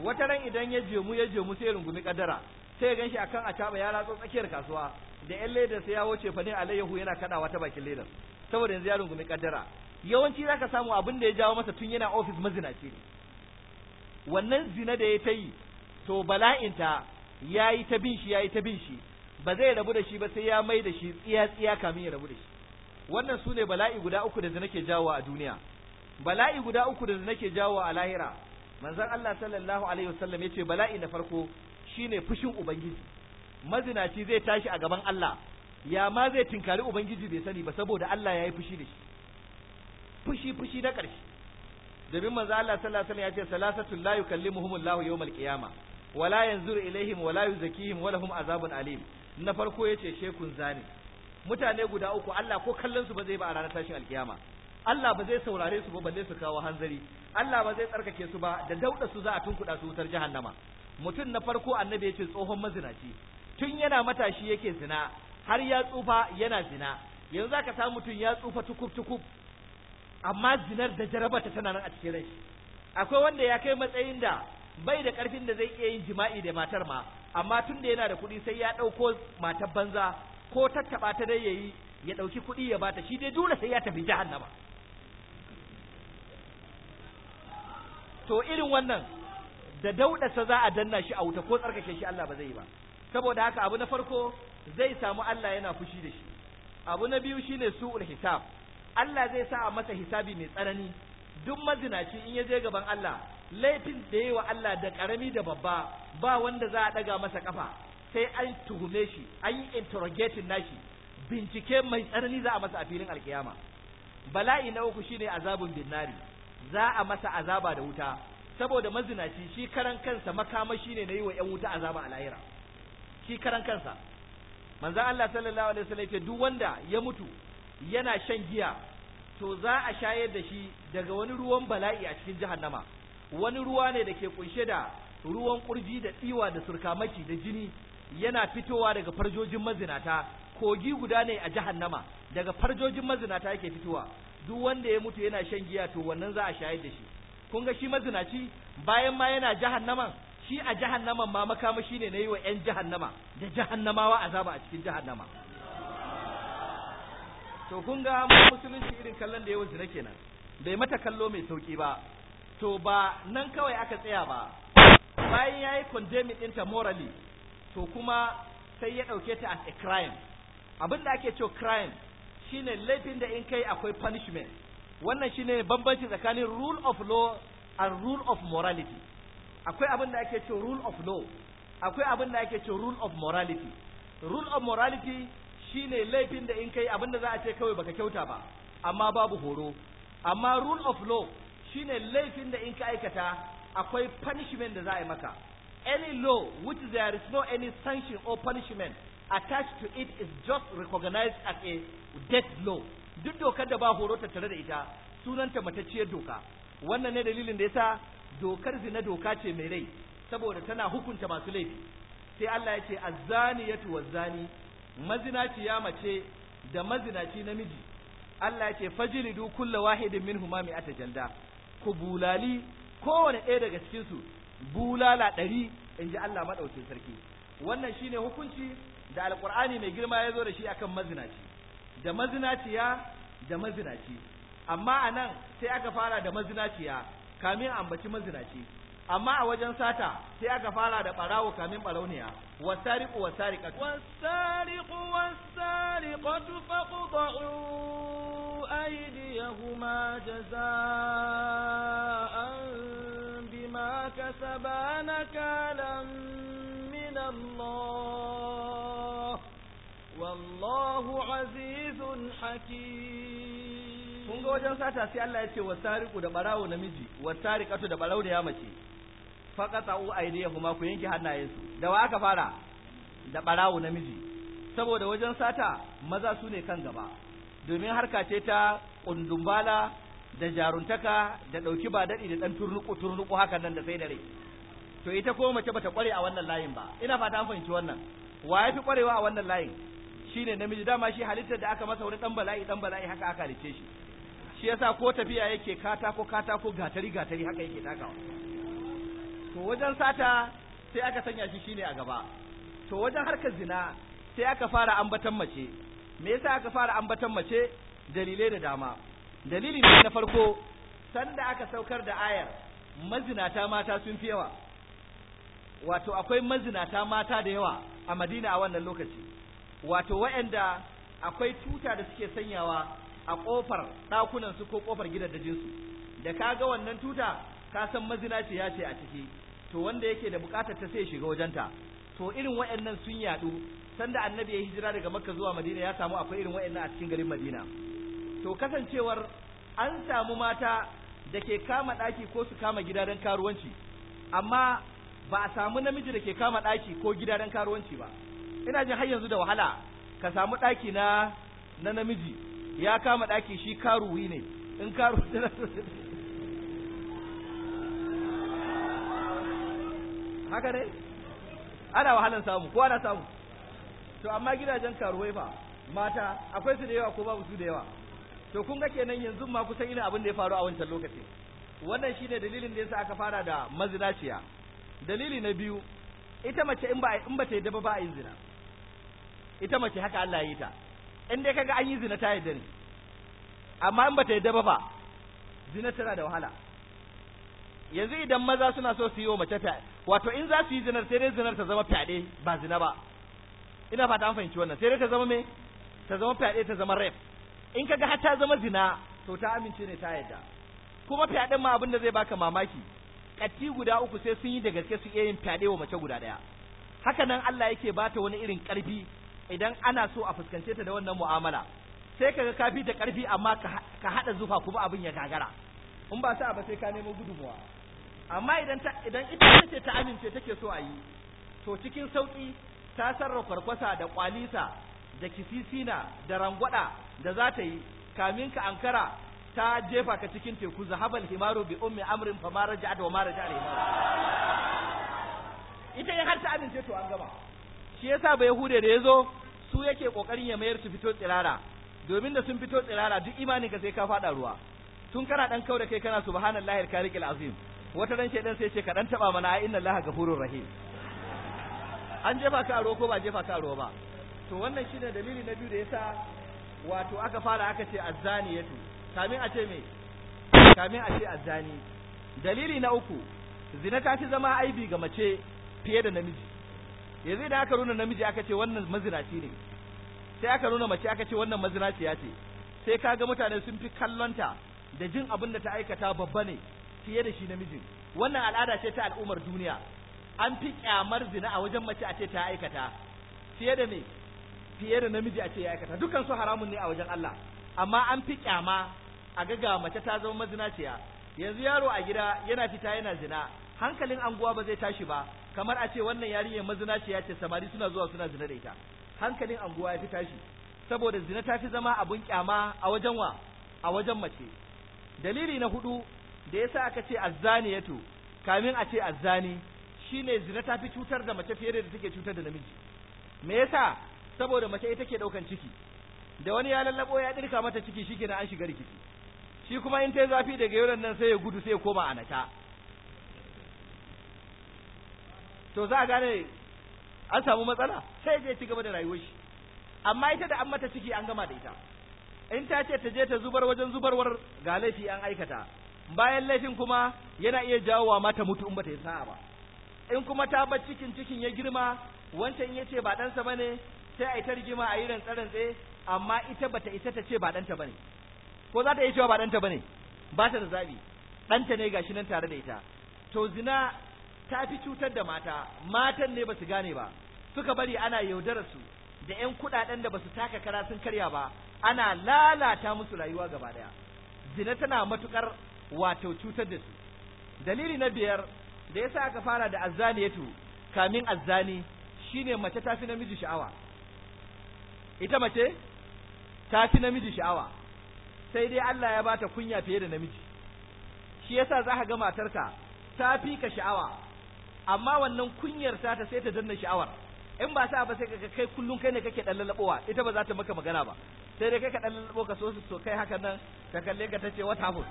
wata ran idan ya jemu ya jemu sai rungumi kaddara sai ya ganshi akan acaba ya ratso tsakiyar kasuwa da yan leda sai ya wuce fa ne alayyahu yana kadawa ta bakin ledar saboda yanzu ya rungumi kaddara yawanci zaka samu abin da ya jawo masa tun yana ofis mazinaci ne wannan zina da ya ta yi to bala'inta Yayi ta bin shi ya yi ta bin shi ba zai rabu da shi ba sai ya mai da shi tsiya tsiya kamin ya rabu da shi wannan su ne bala'i guda uku da nake jawo a duniya bala'i guda uku da nake jawo a lahira manzon Allah sallallahu alaihi wasallam yace bala'i na farko shine fushin ubangiji mazinaci zai tashi a gaban Allah ya ma zai tinkari ubangiji bai sani ba saboda Allah ya yi fushi da shi fushi fushi na ƙarshe domin manzo Allah sallallahu alaihi wasallam yace salasatul la yukallimuhumullahu yawmal qiyamah wala yanzuru ilaihim wala yuzakihim wala hum azabun alim na farko yace shekun zani mutane guda uku Allah ko kallon su ba zai ba a ranar tashin alkiyama Allah ba zai saurare su ba balle su kawo hanzari Allah ba zai tsarkake su ba da dauda su za a tunkuda su wutar jahannama mutum na farko annabi yace tsohon mazinaci tun yana matashi yake zina har ya tsufa yana zina yanzu zaka samu mutum ya tsufa tukub tukub amma zinar da jarabata tana nan a cikin rai akwai wanda ya kai matsayin da bai da ƙarfin da zai iya yin jima'i da matar ma amma tun da yana da kuɗi sai ya ɗauko matar banza ko tattaɓa ta dai yayi ya ɗauki kuɗi ya bata shi dai dole sai ya tafi jahannama to irin wannan da dauɗarsa za a danna shi a wuta ko tsarkake shi Allah ba zai yi ba saboda haka abu na farko zai samu Allah yana fushi da shi abu na biyu shine su'ul hisab Allah zai sa a masa hisabi mai tsanani duk mazinaci in ya je gaban Allah laifin da yi wa Allah da ƙarami da babba ba wanda za a ɗaga masa ƙafa sai an tuhume shi an yi interrogating nashi bincike mai tsanani za a masa a filin alkiyama bala'i na uku shine azabun binnari za a masa azaba da wuta saboda mazinaci shi karan kansa makamashi ne na yi wa ‘yan wuta azaba a lahira shi karan kansa manzan Allah sallallahu alaihi wasallam ce duk wanda ya mutu yana shan giya to za a shayar da shi daga wani ruwan bala'i a cikin jahannama wani ruwa ne da ke kunshe da ruwan kurji da tsiwa da surkamaki da jini yana fitowa daga farjojin mazinata kogi guda ne a jahannama daga farjojin mazinata yake fitowa duk wanda ya mutu yana shan giya to wannan za a shayar da shi kun ga shi mazinaci bayan ma yana jahannaman shi a jahannaman ma makamashi ne na yi wa 'yan jahannama da jahannamawa azaba a cikin jahannama to kun ga musulunci irin kallon da yawan zina kenan bai mata kallo mai sauki ba to ba nan kawai aka tsaya ba bayan ya yi condemning ɗinta morally to kuma sai ya ɗauke ta as a crime abin da ake cewa crime shine laifin da in kai akwai punishment wannan shine bambanci tsakanin rule of law and rule of morality akwai abin da ake cewa rule of law akwai abin da ake cewa rule of morality rule of morality shine laifin da in kai abin da za a ce kawai baka kyauta ba amma babu horo amma rule of law shine laifin da in ka aikata akwai punishment da za a yi maka any law which there is no any sanction or punishment attached to it is just recognized as a death law duk dokar da ba horo ta tare da ita sunanta matacciyar doka wannan ne dalilin da yasa dokar zina doka ce mai rai saboda tana hukunta masu laifi sai Allah ya ce azzaniyatu mazinaci ya mace da mazinaci namiji Allah ya ce fajlidu kullu wahidin minhumami mi'ata jalda ku bulali kowane ɗaya daga cikinsu bulala ɗari in ji Allah maɗaukin sarki wannan shine hukunci da alƙur'ani mai girma ya zo da shi akan mazinaci da mazinaciya da mazinaci amma a nan sai aka fara da mazinaciya kamin ambaci mazinaci amma a wajen sata sai aka fara da ɓarawo kamin ɓarauniya wasariku wasariqatu أيديهما جزاء بما كسبا نكالا من الله والله عزيز حكيم kun ga wajen sata sai Allah ya ce wa tariku da barawo namiji wa tarikatu da barawo da ya mace faqata'u aydiyahuma ku yanke hannayensu da wa aka fara da barawo namiji saboda wajen sata maza su ne kan gaba domin harka ce ta kundumbala da jaruntaka da ɗauki ba daɗi da ɗan turnuku turnuku hakan nan da sai da rai to ita ko mace bata kware a wannan layin ba ina fata an fahimci wannan wa ya fi kwarewa a wannan layin Shi ne namiji dama shi halittar da aka masa wani dan bala'i dan bala'i haka aka halicce shi shi yasa ko tafiya yake katako katako gatari gatari haka yake takawa to wajen sata sai aka sanya shi shine a gaba to wajen harkar zina sai aka fara ambaton mace me yasa aka fara ambatan mace dalilai da dama dalili ne na farko sanda aka saukar da ayar mazinata mata sun fi yawa wato akwai mazinata mata da yawa a madina a wannan lokaci wato waɗanda akwai tuta da suke sanyawa a ƙofar ɗakunansu ko ƙofar gidajensu da kaga kaga wannan tuta ka san mazinaci ya ce a ciki to wanda yake da bukatar ta sai shiga wajenta to irin wayannan sun yadu sanda annabi ya hijira daga makka zuwa madina ya samu akwai irin wayannan a cikin garin madina to kasancewar an samu mata da ke kama daki ko su kama gida don karuwanci amma ba a samu namiji da ke kama ɗaki ko gida don karuwanci ba ina jin har yanzu da wahala ka samu daki na na namiji ya kama daki shi karuwi ne in karu (laughs) haka dai ana wahalan samu ko ana samu to amma gidajen karuwai fa mata akwai su da yawa ko babu su da yawa to kun ga kenan yanzu ma kusan ina abin da ya faru a wancan lokaci wannan shine dalilin da yasa aka fara da mazinaciya dalili na biyu ita mace in ba in ba ta yadda ba a yin zina ita mace haka Allah ya yi ta in dai kaga an yi zina ta yadda ne amma in ba ta yadda ba zina tana da wahala yanzu idan maza suna so su yi wa mace fyaɗe wato in za su yi zinar sai dai zinar ta zama fyaɗe ba zina ba ina fata an fahimci wannan sai dai ta zama me ta zama fyaɗe ta zama ref. in kaga har ta zama zina to ta amince ne ta yadda kuma fyaɗen ma abin da zai baka mamaki katti guda uku sai sun yi da gaske su iya yin fyaɗe wa mace guda ɗaya haka nan Allah yake bata wani irin ƙarfi idan ana so a fuskance ta da wannan mu'amala sai kaga ka fi ta ƙarfi amma ka haɗa zufa kuma abin ya gagara in ba sa ba sai ka nemo gudunmuwa amma idan ta idan ita ce ta amince take so a yi to cikin sauki ta sarrafa kwasa da kwalisa da kisisina da rangwada da za ta yi kamin ka ankara ta jefa ka cikin teku zahabal himaru bi ummi amrin fa ma da wa ma ita in har ta amince to an gama shi yasa ba yahude da yazo su yake kokarin ya mayar su fito tsirara domin da sun fito tsirara duk imani ka sai ka faɗa ruwa tun kana dan kaura kai kana subhanallahi al azim wata ran shedan sai ce ka dan taba mana inna allaha ghafurur rahim an jefa ka aro ko ba jefa ka aro ba to wannan shine dalili na biyu da yasa wato aka fara aka ce azzaniyatu kamin a ce me kamin a ce azzani dalili na uku zina ta ci zama aibi ga mace fiye da namiji yanzu idan aka nuna namiji aka ce wannan mazinaci ne sai aka nuna mace aka ce wannan mazinaciya ce sai kaga mutane sun fi kallonta da jin abin da ta aikata babba ne fiye da shi namijin wannan al'ada ce ta al'ummar duniya an fi kyamar zina a wajen mace a ce ta aikata fiye da me fiye da namiji a ce ya aikata dukkan su haramun ne a wajen Allah amma an fi kyama a gaga mace ta zama mazinaciya yanzu yaro a gida yana fita yana zina hankalin anguwa ba zai tashi ba kamar a ce wannan yarinyar mazinaciya ce samari suna zuwa suna zina da ita hankalin anguwa ya fi tashi saboda zina ta fi zama abun kyama a wajen wa a wajen mace dalili na hudu da yasa aka ce azzani ya to kamin a ce azzani ne zina ta fi cutar da mace fiye da take cutar da namiji me yasa saboda mace ita ke daukan ciki da wani ya lallabo ya dirka mata ciki shikenan an shiga rikici shi kuma in tayi zafi daga yaron nan sai ya gudu sai ya koma a nata to za a gane an samu matsala sai je ci gaba da rayuwar shi amma ita da an mata ciki an gama da ita in ta ce ta je ta zubar wajen zubarwar ga laifi an aikata bayan laifin kuma yana iya jawo wa mata mutu in bata yi sa'a ba in kuma ta bar cikin cikin ya girma wancan ya ce ba ɗansa ba ne sai a yi ta rigima a yi tsaron rantse amma ita bata isa ta ce ba ɗanta ba ne ko za ta iya cewa ba ɗanta ba ne ba ta da zaɓi ɗanta ne gashi nan tare da ita to zina ta fi cutar da mata matan ne ba su gane ba suka bari ana su da ƴan kuɗaɗen da ba su taka kara sun karya ba ana lalata musu rayuwa gaba ɗaya zina tana matukar wato cutar da su dalili na biyar da yasa aka fara da azzani yato kamin azzani shine mace ta fi namiji sha'awa ita mace ta fi namiji sha'awa sai dai Allah ya bata kunya fiye da namiji shi yasa za ka ga matarka ta fi ka sha'awa amma wannan kunyar ta ta sai ta danna sha'awar in ba sa ba sai ka kai kullun kai ne kake dan lalabowa ita ba za ta maka magana ba sai dai kai ka dan lalabo ka so so kai haka nan ka kalle ka tace what happened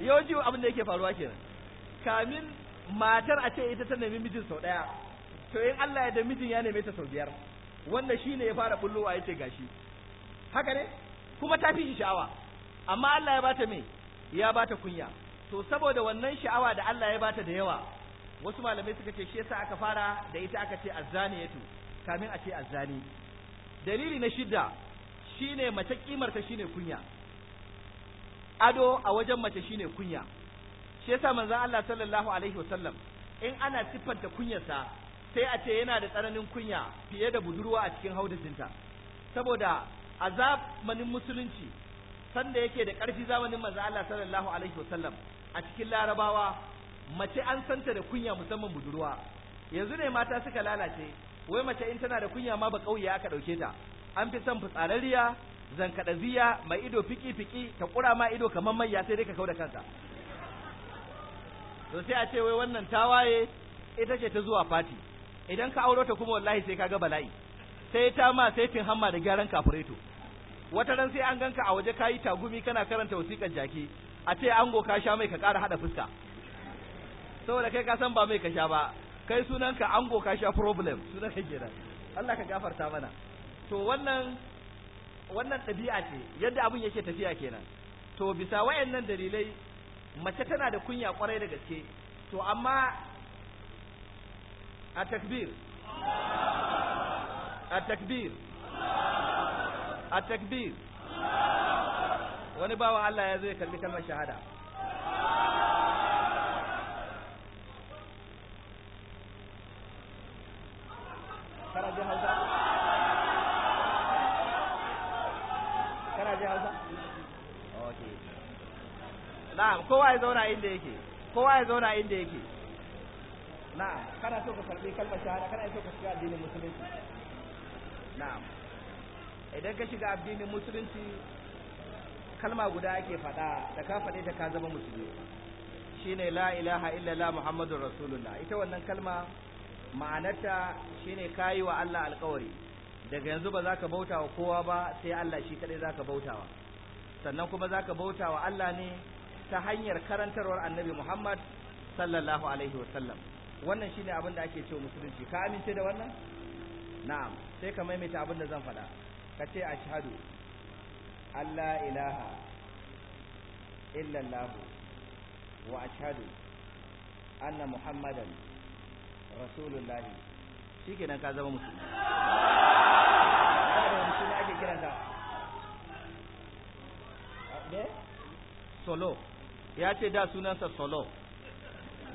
yau ji abin da yake faruwa kenan kamin matar a ce ita ta nemi mijin sau ɗaya to in Allah ya da mijin ya nemi ta sau biyar wanda shi ne ya fara bullowa ce gashi haka ne kuma ta fi shi sha'awa amma Allah ya bata me ya bata kunya to saboda wannan sha'awa da Allah ya bata da yawa wasu malamai suka ce shi yasa aka fara da ita aka ce yato kamin a ce azzani dalili na shidda shine mace kimar ta shine kunya ado a wajen mace shine kunya shi yasa manzon Allah sallallahu alaihi wasallam in ana siffanta kunyarsa sai a ce yana da tsananin kunya fiye da budurwa a cikin haudacinta saboda a zamanin musulunci sanda yake da ƙarfi zamanin manzon Allah sallallahu alaihi wasallam a cikin larabawa mace an santa da kunya musamman budurwa yanzu ne mata suka lalace wai mace in tana da kunya ma ba kauye aka dauke ta an fi son fitsararriya zankadaziya mai ido fiki fiki ta kura ma ido kamar mayya sai dai ka kauda kanka to sai a ce wai wannan tawaye ita ce ta zuwa fati idan ka auro ta kuma wallahi sai kaga bala'i sai ta ma sai tin hamma da gyaran kafureto wata ran sai an ganka a waje ka yi tagumi kana karanta wasiƙar jaki a ce ango ka sha mai ka ƙara haɗa fuska saboda kai ka san ba mai ka sha ba kai sunanka ango ka sha problem sunanka kenan Allah ka gafarta mana to wannan wannan ɗabi'a ce yadda abin yake tafiya kenan to bisa wayannan dalilai mace tana da kunya kwarai da gaske to amma a takbir a takbir a takbir wani bawan Allah ya zai kalli kalmar shahada Kana jin hausa? ka Hausa na'am kowa ya zauna inda yake kowa ya zauna inda yake na'am kana so ka karbi kalmar shahada kana so ka shiga addinin musulunci na'am idan ka shiga addinin musulunci kalma guda ake fada da ka faɗe ta ka zama musulmi shine la ilaha illallah muhammadur rasulullah ita wannan kalma ma'anarta shine kayi wa Allah alƙawari daga yanzu ba za ka bauta wa kowa ba sai Allah shi kaɗai za ka bauta wa sannan kuma za ka bauta wa Allah ne ta hanyar karantarwar annabi Muhammad sallallahu alaihi wasallam wannan shine abin da ake cewa musulunci ka amince da wannan na'am sai ka maimaita abin da zan faɗa ka ce shahadu allah ilaha illallahu wa ashhadu anna muhammadan rasulullahi Shi ke nan ka zama musulmi da wani solo ya ce da sunansa solo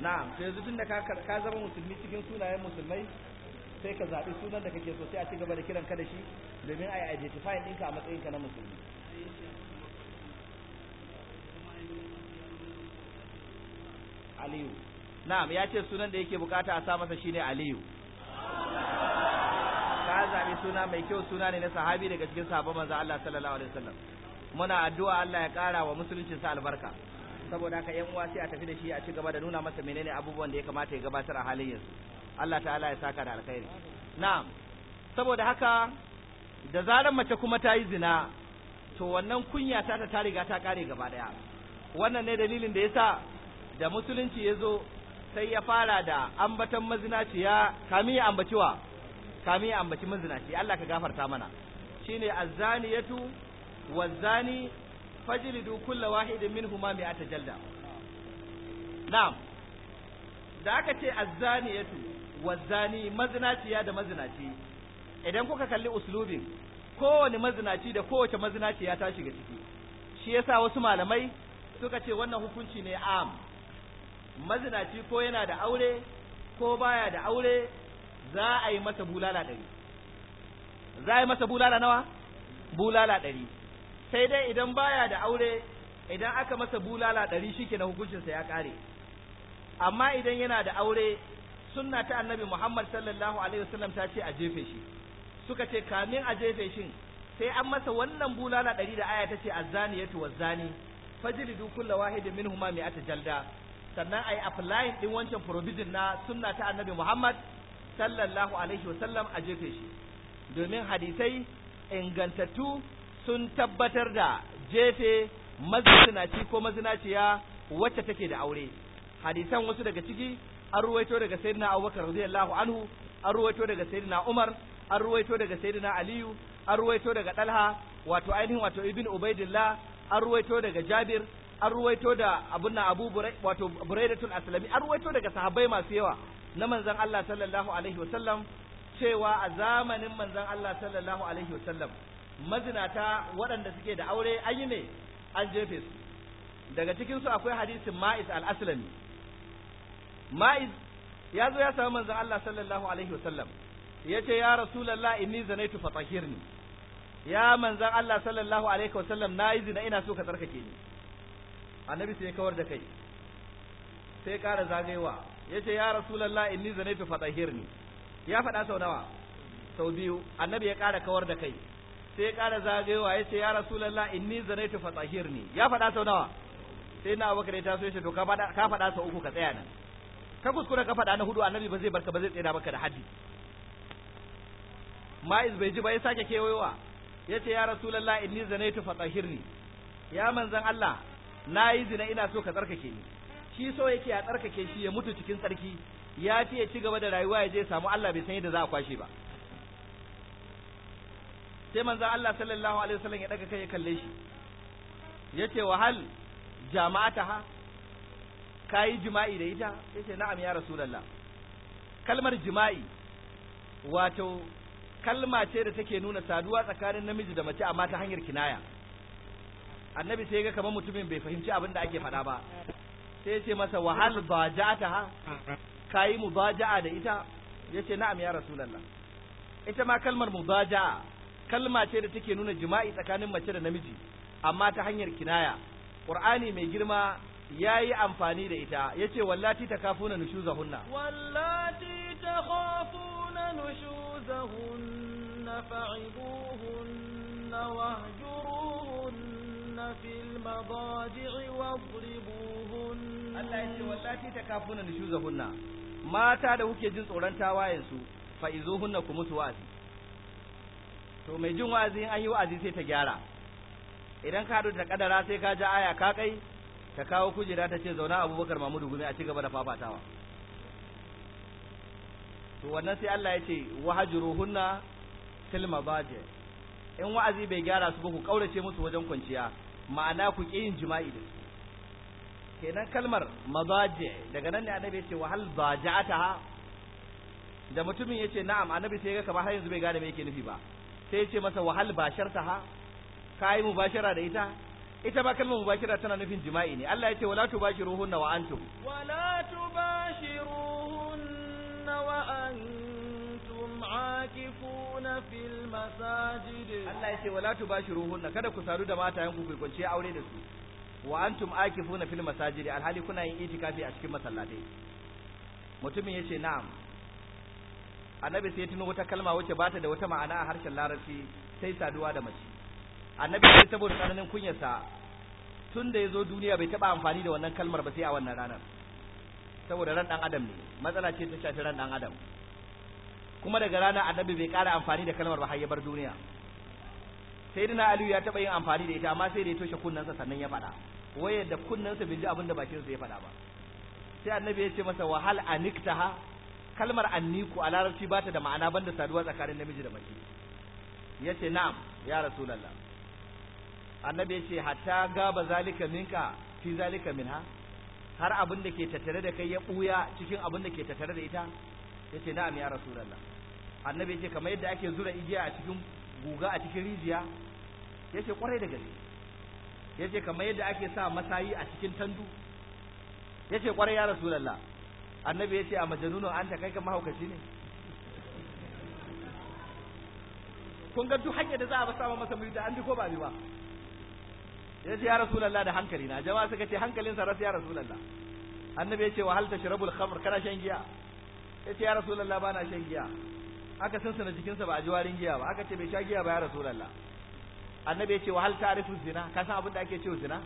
na'am sai yanzu tun da ka zama musulmi cikin sunayen musulmai sai ka zaɓi sunan da kake so sai a ci gaba da kiran ka da shi domin a yi identify ɗinka a matsayinka na musulmi Aliyu na'am ya ce sunan da yake bukata a sa masa shine Aliyu ka zabi suna mai kyau suna ne na sahabi daga cikin sahabban manzo Allah sallallahu alaihi wasallam muna addu'a Allah ya kara wa musulunci sa albarka saboda haka yan uwa sai a tafi da shi a ci gaba da nuna masa menene abubuwan da ya kamata ya gabatar a halin yanzu Allah ta'ala ya saka da alkhairi na'am saboda haka da zaran mace kuma ta yi zina to wannan kunya ta ta riga ta kare gaba daya wannan ne dalilin da yasa da musulunci ya zo sai ya fara da ambatan mazinaciya kami ambaciwa kame ya ambaci mazinaci Allah ka gafarta mana shine azzaniyatu wazzani fajlidu kulla wahidin minhuma mi'ata jalda na'am da aka ce azzaniyatu wazzani mazinaciya da mazinaci idan kuka kalli uslubin kowane mazinaci da kowace mazinaci ya ta shiga ciki shi yasa wasu malamai suka ce wannan hukunci ne am mazinaci ko yana da aure ko baya da aure za a yi masa bulala ɗari za a yi masa bulala nawa bulala ɗari sai dai idan baya da aure idan aka masa bulala ɗari shi ke na hukuncinsa ya ƙare amma idan yana da aure sunna ta annabi muhammad sallallahu alaihi wasallam ta ce a jefe shi suka ce kamin a jefe shin sai an masa wannan bulala ɗari da aya ta ce azzani ya tuwa zani fajlidu kulla wahidin minhuma mi'ata jalda sannan ayi applying ɗin wancan provision na sunna ta annabi muhammad sallallahu alaihi wasallam a jefe shi domin hadisai ingantattu sun tabbatar da jefe mazinaci ko mazinaciya wacce take da aure hadisan wasu daga ciki an ruwaito daga sayyidina Abubakar radiyallahu anhu an ruwaito daga sayyidina Umar an ruwaito daga sayyidina Aliyu an ruwaito daga Talha wato ainihin wato Ibn Ubaidillah an ruwaito daga Jabir an ruwaito da abun nan Abu wato Buraidatul Aslami an ruwaito daga sahabbai masu yawa na manzon Allah sallallahu alaihi wasallam cewa a zamanin manzon Allah sallallahu alaihi wasallam mazinata waɗanda suke da aure an yi ne an jefe su daga cikin su akwai hadisin Ma'iz al-Aslami Ma'iz ya zo ya samu manzon Allah sallallahu alaihi wasallam yace ya rasulullah inni zanaitu tahirni ya manzon Allah sallallahu alaihi wasallam yi zina ina so ka tsarkake ni annabi sai ya kawar da kai sai ƙara zagaiwa ya ce ya rasulallah inni zanaitu fatahirni ya faɗa sau nawa sau biyu annabi ya ƙara kawar da kai sai ya ƙara zagayewa ya ce ya rasulallah inni zanaitu fatahirni ya faɗa sau nawa sai na abubakar ya taso ya ce to ka faɗa sau uku ka tsaya nan ka kuskura ka faɗa na hudu annabi ba zai barka ba zai tsira maka da haddi ma'iz bai ji ba ya sake kewayowa ya ce ya rasulallah inni zanaitu fatahirni ya manzan Allah na yi zina ina so ka tsarkake ni shi so yake a tsarkake shi ya mutu cikin tsarki ya fi ya ci gaba da rayuwa ya je samu Allah bai san yadda za a kwashe ba sai manzo Allah sallallahu alaihi wasallam ya daga kai ya kalle shi yace wa hal jama'ataha kayi jima'i da ita yace na'am ya rasulullah kalmar jima'i wato kalma ce da take nuna saduwa tsakanin namiji da mace amma ta hanyar kinaya annabi sai ya ga kamar mutumin bai fahimci abin da ake faɗa ba sai ce masa wa hal baja'ataha kai mubaja'a da ita yace na'am ya rasulullah ita ma kalmar mubaja'a kalma ce da take nuna jima'i tsakanin mace da namiji amma ta hanyar kinaya qur'ani mai girma yayi amfani da ita yace wallati takafuna nushuzahunna wallati takhafuna nushuzahunna fa'iduhunna wahjuru يضربن في المضاجع واضربوهن الله يتي واللاتي تكافون نشوزهن mata da kuke jin tsoron tawayen su fa ku mutu wa'azi to mai jin wa'azi an yi wa'azi sai ta gyara idan ka da kadara sai ka ja aya ka kai ta kawo kujera ta ce zauna abubakar mamudu gumi a ci da fafatawa to wannan sai Allah ya ce wahajruhunna fil mabaji in wa'azi bai gyara su ba ku kaurace musu wajen kwanciya ma'ana ku ƙi yin jima'i da su kenan kalmar mazaje daga nan ne annabi ya ce wahal zaja'ataha da mutumin ya ce na'am annabi sai ya ga kamar har yanzu bai gane me yake nufi ba sai ya ce masa wahal bashartaha ka yi mubashara da ita ita ba kalmar mubashara tana nufin jima'i ne Allah ya ce wala tubashiruhunna wa antum wala tubashiruhunna wa antum والعاكفون في المساجد ba shi ولا na kada ku saru da matayen ku kwance aure da su wa antum akifuna fil masajid alhali kuna yin itikafi a cikin masallatai mutumin yace na'am annabi sai tuno wata kalma wacce bata da wata ma'ana a harshen larabci sai saduwa da mace annabi sai saboda tsananin kunyarsa tun da ya zo duniya bai taɓa amfani da wannan kalmar ba sai a wannan ranar saboda ran ɗan adam ne matsala ce ta shafi ran ɗan adam kuma daga rana annabi bai ƙara amfani da kalmar ba har ya bar duniya aliyu ya taɓa yin amfani da ita amma sai da ya toshe kunnensa sannan ya faɗa wayar da kunnensa bai ji abin da bakinsa ya faɗa ba sai annabi ya ce masa wahal aniktaha kalmar anniku a larabci bata da ma'ana banda saduwa tsakanin namiji da mace ya ce na'am ya rasulallah annabi ya ce hatta gaba zalika minka fi zalika minha har abin da ke tattare da kai ya buya cikin abin da ke tattare da ita ya ce na'am ya rasulallah annabi yake kamar yadda ake zura igiya a cikin guga a cikin rijiya yace kwarai da gaske yace kamar yadda ake sa masayi a cikin tandu yace kwarai ya rasulullah annabi yace a an ta kai kan mahaukaci ne kun ga duk hanyar da za a ba sama masa murida an bi ko ba bi ba ya ce ya rasulallah da hankali na jama'a suka ce hankalin sa rasu ya rasulallah annabi ya ce wa hal tashrabul khamr kana shan giya ya ce ya rasulallah ba na shan giya aka sansana jikinsa ba a ji warin giya ba aka ce bai sha giya ba ya rasulullah annabi ya ce wahal ta'rifu zina ka san abin da ake cewa zina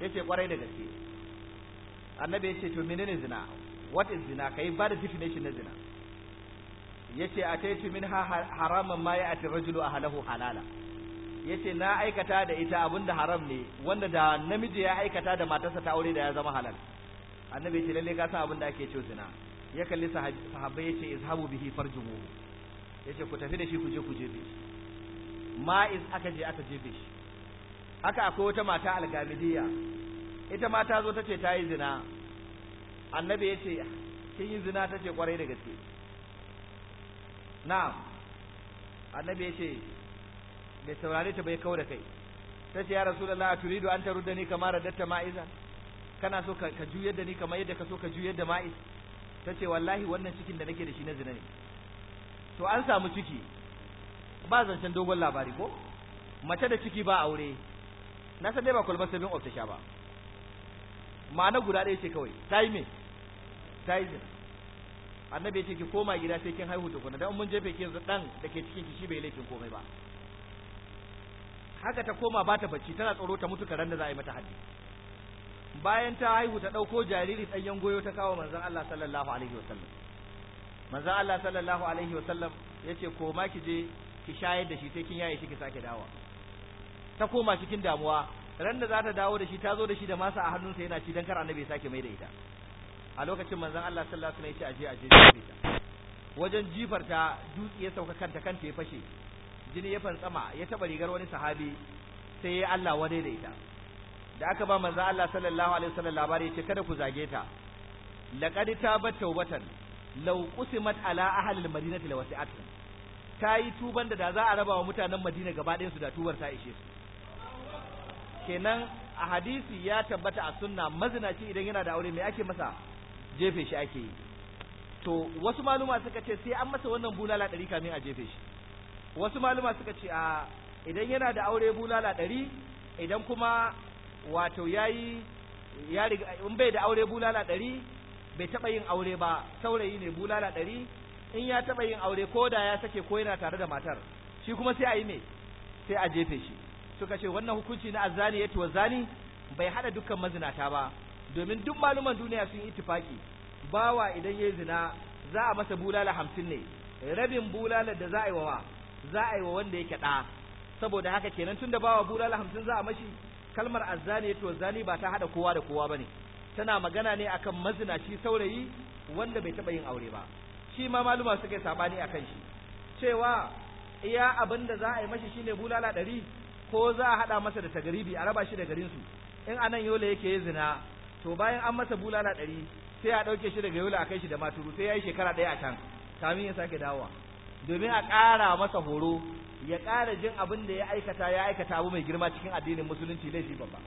yace kwarai da gaske annabi ya ce to menene zina what is zina kai ba da definition na zina yace ataitu minha haraman ma ya'ti rajulu ahlahu halala yace na aikata da ita abinda haram ne wanda da namiji ya aikata da matarsa ta aure da ya zama halal annabi ya ce lalle ka san abin da ake cewa zina ya kalli sahabbai yace izhabu bihi farjuhu yace ku tafi da shi ku je ku jebe shi ma'iz aka je aka jebe shi haka akwai wata mata algamidiya ita ma ta zo ta ce ta yi zina annabi yace kin yi zina ta ce kwarai da gaske na'am annabi yace ce bai saurare ta bai kawo da kai ta ce ya rasulullah turidu an tarudda ni kamar da ta ma'iza kana so ka juyar da ni kamar yadda ka so ka juyar da ma'iza ta ce wallahi wannan cikin da nake da shi na zina ne to an samu ciki ba zancen dogon labari ko mace da ciki ba aure na san dai ba kwalba sabin of sha ba ma'ana guda ɗaya ce kawai ta yi me ta yi zina annabi ya ce ki koma gida sai kin haihu tukuna dan mun jefe ki yanzu dan da ke cikin ki shi bai laifin komai ba haka ta koma ba ta bacci tana tsoro ta mutu karen da za a yi mata haddi bayan ta haihu ta ɗauko jariri ɗanyen goyo ta kawo manzan Allah sallallahu alaihi wa sallam manzan Allah sallallahu alaihi wa sallam ya ce koma ki je ki shayar da shi sai kin yaye shi ki sake dawa ta koma cikin damuwa ran da za ta dawo da shi ta zo da shi da masa a hannunsa yana ci dan kar annabi ya sake mai da ita a lokacin manzan Allah sallallahu alaihi wasallam ya ce aje aje ta wajen jifarta dutse ya sauka kanta kanta ya fashe jini ya fantsama ya taba rigar wani sahabi sai ya Allah wadai da ita da aka ba manzo Allah sallallahu alaihi wasallam labari ce kada ku zage ta laqad tabat tawbatan law qusimat ala ahli almadinati lawasi'at ta yi tuban da da za a raba wa mutanen Madina gaba ɗayan su da tubar ta ishe su kenan a hadisi ya tabbata a sunna mazinaci idan yana da aure me ake masa jefe shi ake yi to wasu maluma suka ce sai an masa wannan bulala ɗari kamin a jefe shi wasu maluma suka ce a idan yana da aure bulala ɗari idan kuma wato yayi ya riga in bai da aure bulala ɗari bai taɓa yin aure ba saurayi ne bulala ɗari in ya taɓa yin aure ko da ya sake ko yana tare da matar shi kuma sai a yi me sai a jefe shi suka ce wannan hukunci na azzani tuwa zani bai haɗa dukkan mazinata ba domin duk maluman duniya sun yi ittifaki bawa idan yi zina za a masa bulala hamsin ne rabin bulala da za a yi wa za a yi wa wanda yake ɗa saboda haka kenan tun da bawa bulala hamsin za a mashi kalmar azzani to zani ba ta hada kowa da kowa bane tana magana ne akan mazinaci saurayi wanda bai taba yin aure ba shi ma maluma suka yi sabani akan shi cewa iya abin da za a yi mashi shine bulala ɗari ko za a hada masa da tagaribi a raba shi da garin su in anan yola yake yi zina to bayan an masa bulala ɗari sai a ɗauke shi daga yola a kai shi da maturu sai ya yi shekara ɗaya a can kamin ya sake dawowa domin a ƙara masa horo ya ƙara jin abin da ya aikata ya aikata abu mai girma cikin addinin musulunci laifi babba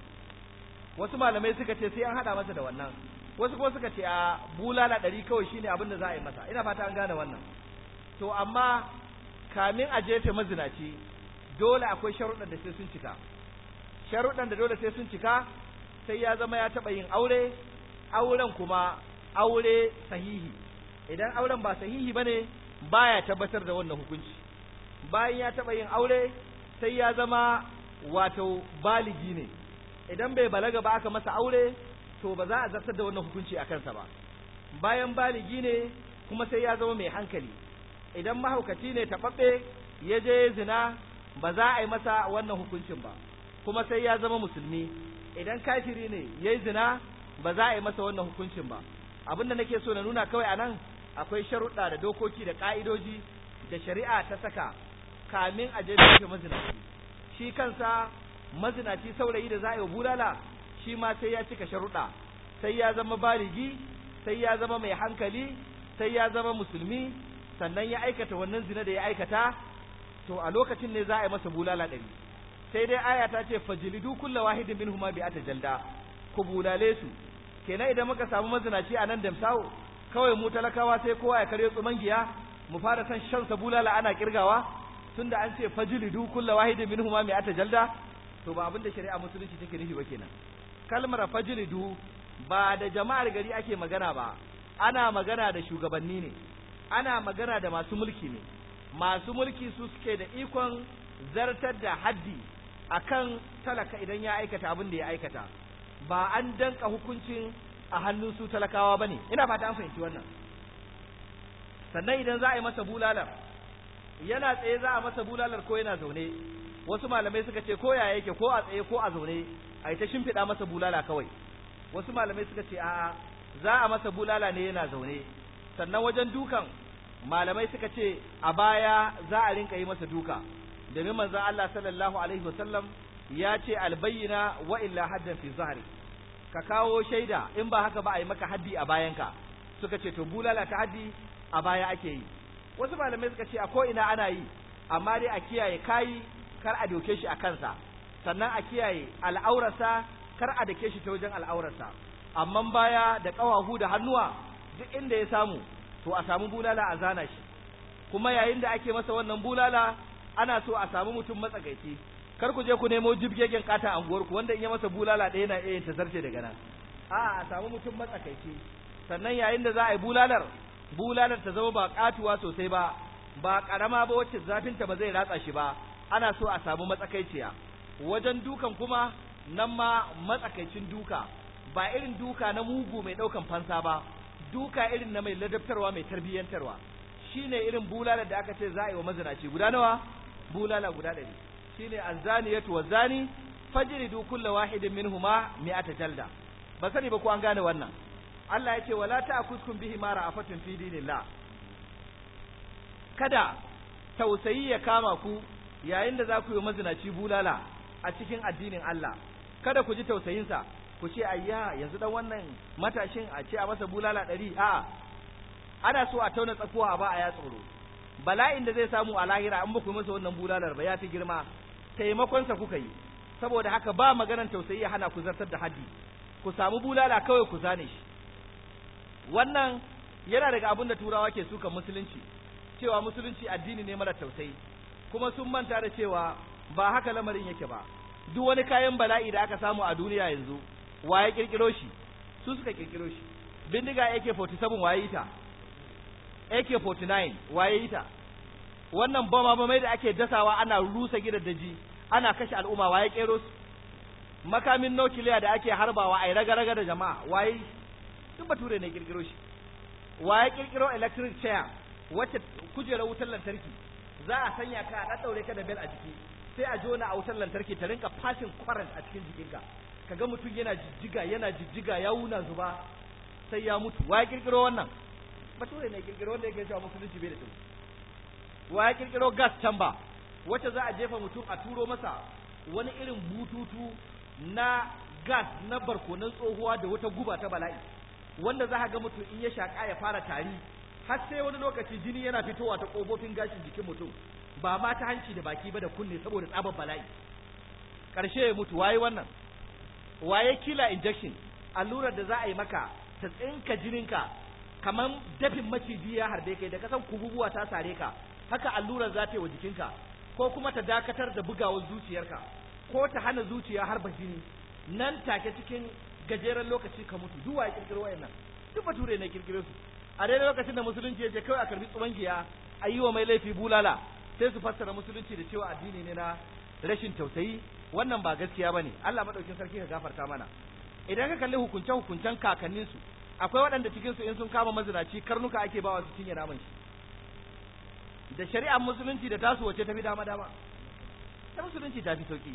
wasu malamai suka ce sai an haɗa masa da wannan wasu kuma suka ce a bulala ɗari kawai shine abin da za a yi masa ina fata an gane wannan to amma kamin a jefe mazinaci dole akwai sharuɗan da sai sun cika sharuɗan da dole sai sun cika sai ya zama ya taɓa yin aure auren kuma aure sahihi idan auren ba sahihi ba ne. baya tabbatar da wannan hukunci bayan ya taba yin aure sai ya zama wato baligi ne idan bai balaga ba aka masa aure to ba za a zartar da wannan hukunci a kansa ba bayan baligi ne kuma sai ya zama mai hankali idan mahaukaci ne taɓaɓɓe ya je zina ba za a yi masa wannan hukuncin ba kuma sai ya zama musulmi idan kafiri ne ya yi zina ba za a yi masa wannan hukuncin ba abin da nake so na nuna kawai a nan akwai sharuɗa da dokoki da ƙa'idoji da shari'a ta saka kamin a je da mazinaci shi kansa mazinaci saurayi da za a yi bulala shi ma sai ya cika sharuɗa sai ya zama baligi sai ya zama mai hankali sai ya zama musulmi sannan ya aikata wannan zina da ya aikata to a lokacin ne za a yi masa bulala ɗari sai dai aya ta ce fajilidu kulla wahidin huma bi ta jalda ku bulale su kenan idan muka samu mazinaci a nan damsawo kawai mu talakawa sai kowa ya karya giya mu fara san shan bulala ana kirgawa tunda an ce fajlidu kullu wahidin minhuma mi'ata jalda to ba abin da shari'a musulunci take nufi ba kenan kalmar fajlidu ba da jama'ar gari ake magana ba ana magana da shugabanni ne ana magana da masu mulki ne masu mulki su suke da ikon zartar da haddi akan talaka idan ya aikata abin da ya aikata ba an danka hukuncin a hannun su talakawa bane ina fata an fahimci wannan sannan idan za a yi masa bulalar yana tsaye za a masa bulalar ko yana zaune wasu malamai suka ce ko ya yake ko a tsaye ko a zaune a yi ta shimfiɗa masa bulala kawai wasu malamai suka ce a'a za a masa bulala ne yana zaune sannan wajen dukan malamai suka ce a baya za a rinka yi masa duka domin manzon Allah sallallahu alaihi wasallam ya ce albayyana wa illa haddan fi zahri ka kawo shaida in ba haka ba a yi maka haddi a bayanka suka ce to bulala ta haddi a baya ake yi wasu malamai suka ce a ko ina ana yi amma dai a kiyaye kayi kar a doke shi a kansa sannan a kiyaye al'aurarsa kar a dake shi ta wajen al'aurarsa amma baya da ƙawahu da hannuwa duk inda ya samu to a samu bulala a zana shi kuma yayin da ake masa wannan bulala ana so a samu mutum matsagaici kar ku je ku nemo jibgegen kata anguwar ku wanda in ya masa bulala ɗaya na iya ta zarce daga nan a a samu mutum matsakaici sannan yayin da za a yi bulalar bulalar ta zama ba katuwa sosai ba ba karama ba wacce ta ba zai ratsa shi ba ana so a samu matsakaiciya wajen dukan kuma nan ma matsakaicin duka ba irin duka na mugu mai ɗaukan fansa ba duka irin na mai ladabtarwa mai tarbiyyantarwa shine irin bulalar da aka ce za a yi wa mazinaci guda nawa bulala guda ɗari shine alzaniyatu wazani fajridu kulla wahidin minhuma mi'ata jalda ba sani ba ku an gane wannan Allah ya ce wala ta'kuskum bihi mara afatin fi dinillah kada tausayi ya kama ku yayin da za ku yi mazinaci bulala a cikin addinin Allah kada ku ji tausayinsa ku ce ayya yanzu dan wannan matashin a ce a masa bulala ɗari a'a ana so a tauna tsakuwa a ba a ya tsoro bala'in da zai samu a lahira an muku masa wannan bulalar ba ya fi girma taimakonsa kuka yi saboda haka ba maganar tausayi ya hana ku zartar da haddi ku samu bulala kawai ku zane shi wannan yana daga abin da turawa ke suka musulunci cewa musulunci addini ne mara tausayi kuma sun manta da cewa ba haka lamarin yake ba duk wani kayan bala'i da aka samu a duniya yanzu waye kirkiro shi su suka kirkiro shi bindiga AK47 waye ita AK49 waye ita wannan bama bamai da ake dasawa ana rusa gidan daji ana kashe al'umma waye kero su makamin nukiliya da ake harbawa ai raga da jama'a waye duk bature ne kirkiro shi waye kirkiro electric chair wacce kujerar wutar lantarki za a sanya ka a ɗaɗɗaure ka da bel a jiki sai a jona a wutar lantarki ta rinka fasin current a cikin jikinka ka ga mutum yana jijjiga yana jijjiga ya wuna zuba sai ya mutu waye ƙirƙiro wannan bature ne kirkiro wanda yake cewa musulunci bai da tun wa ya kirkiro gas chamber wacce za a jefa mutum a turo masa wani irin bututu na gas na barkonan tsohuwa da wata guba ta bala'i wanda za a ga mutum in ya shaƙa ya fara tari har sai wani lokaci jini yana fitowa ta kofofin gashin jikin mutum ba ma ta hanci da baki ba da kunne saboda tsabar bala'i ƙarshe ya mutu waye wannan waye kila injection allurar da za a yi maka ta tsinka jininka kamar dafin maciji ya harbe kai da kasan kububuwa ta sare ka haka allurar za ta yi wa jikinka ko kuma ta dakatar da bugawar zuciyarka ko ta hana zuciya harba jini nan take cikin gajeren lokaci ka mutu duk ya kirkiro wayannan duk bature ne kirkiro su a daidai lokacin da musulunci ya ce kawai a karbi tsubangiya a yi wa mai laifi bulala sai su fassara musulunci da cewa addini ne na rashin tausayi wannan ba gaskiya bane Allah madaukin sarki ka gafarta mana idan ka kalli hukunce hukuncen kakanninsu akwai waɗanda cikin su in sun kama mazinaci karnuka ake bawa su cinye naman shi da shari'ar musulunci da tasu wace tafi dama dama ta musulunci ta fi sauki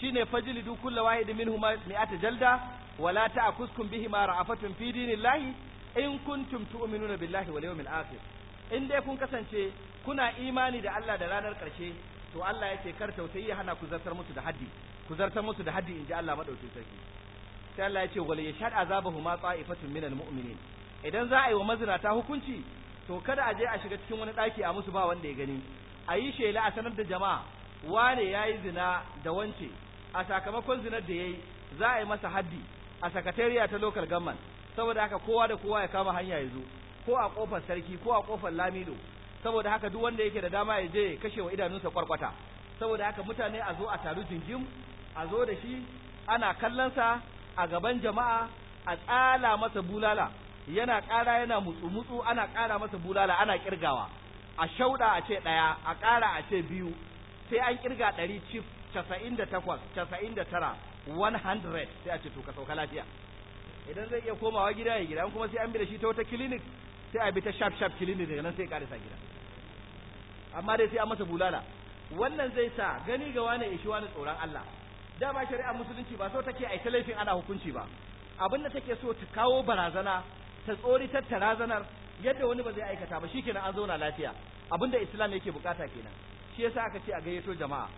shine kulla wahid min huma mi'ata jalda wala ta'kuskum ma ra'afatun fi dinillahi in kuntum tu'minuna billahi wal yawmil akhir in dai kun kasance kuna imani da Allah da ranar karshe to Allah ya ce kar tausayi ya hana ku zartar musu da haddi ku zartar musu da haddi in ji Allah madaukakin sarki sai Allah ya ce wal yashad ma ta'ifatun minal mu'minin idan za a yi wa mazinata hukunci to kada a je a shiga cikin wani daki a musu ba wanda ya gani a yi shela a sanar da jama'a wane yayi zina da wance a sakamakon zinar da ya yi za a yi masa haddi a sakatariya ta local government saboda haka kowa da kowa ya kama hanya ya zo ko a kofar sarki ko a kofar lamido saboda haka duk wanda yake da dama ya je ya kashe wa idanunsa kwarkwata saboda haka mutane a zo a taru jinjim a zo da shi ana kallonsa a gaban jama'a a tsala masa bulala yana ƙara yana mutsu-mutsu ana ƙara masa bulala ana ƙirgawa a shauɗa a ce ɗaya a ƙara a ce biyu sai an ƙirga ɗari cif casa'in da takwas casa'in da tara one hundred sai a ce to ka sauka lafiya idan zai iya komawa gida ya gida kuma sai an bi da shi ta wata clinic sai a bi ta sharp sharp clinic daga nan sai ƙarisa gida amma dai sai an masa bulala wannan zai sa gani ga wani ya shi wani tsoron Allah dama shari'ar musulunci ba so take aita laifin ana hukunci ba abin da take so ta kawo barazana ta tsori ta yadda wani ba zai aikata ba shikenan an na lafiya abin da islam yake bukata kenan shi yasa aka ce a gayyato jama'a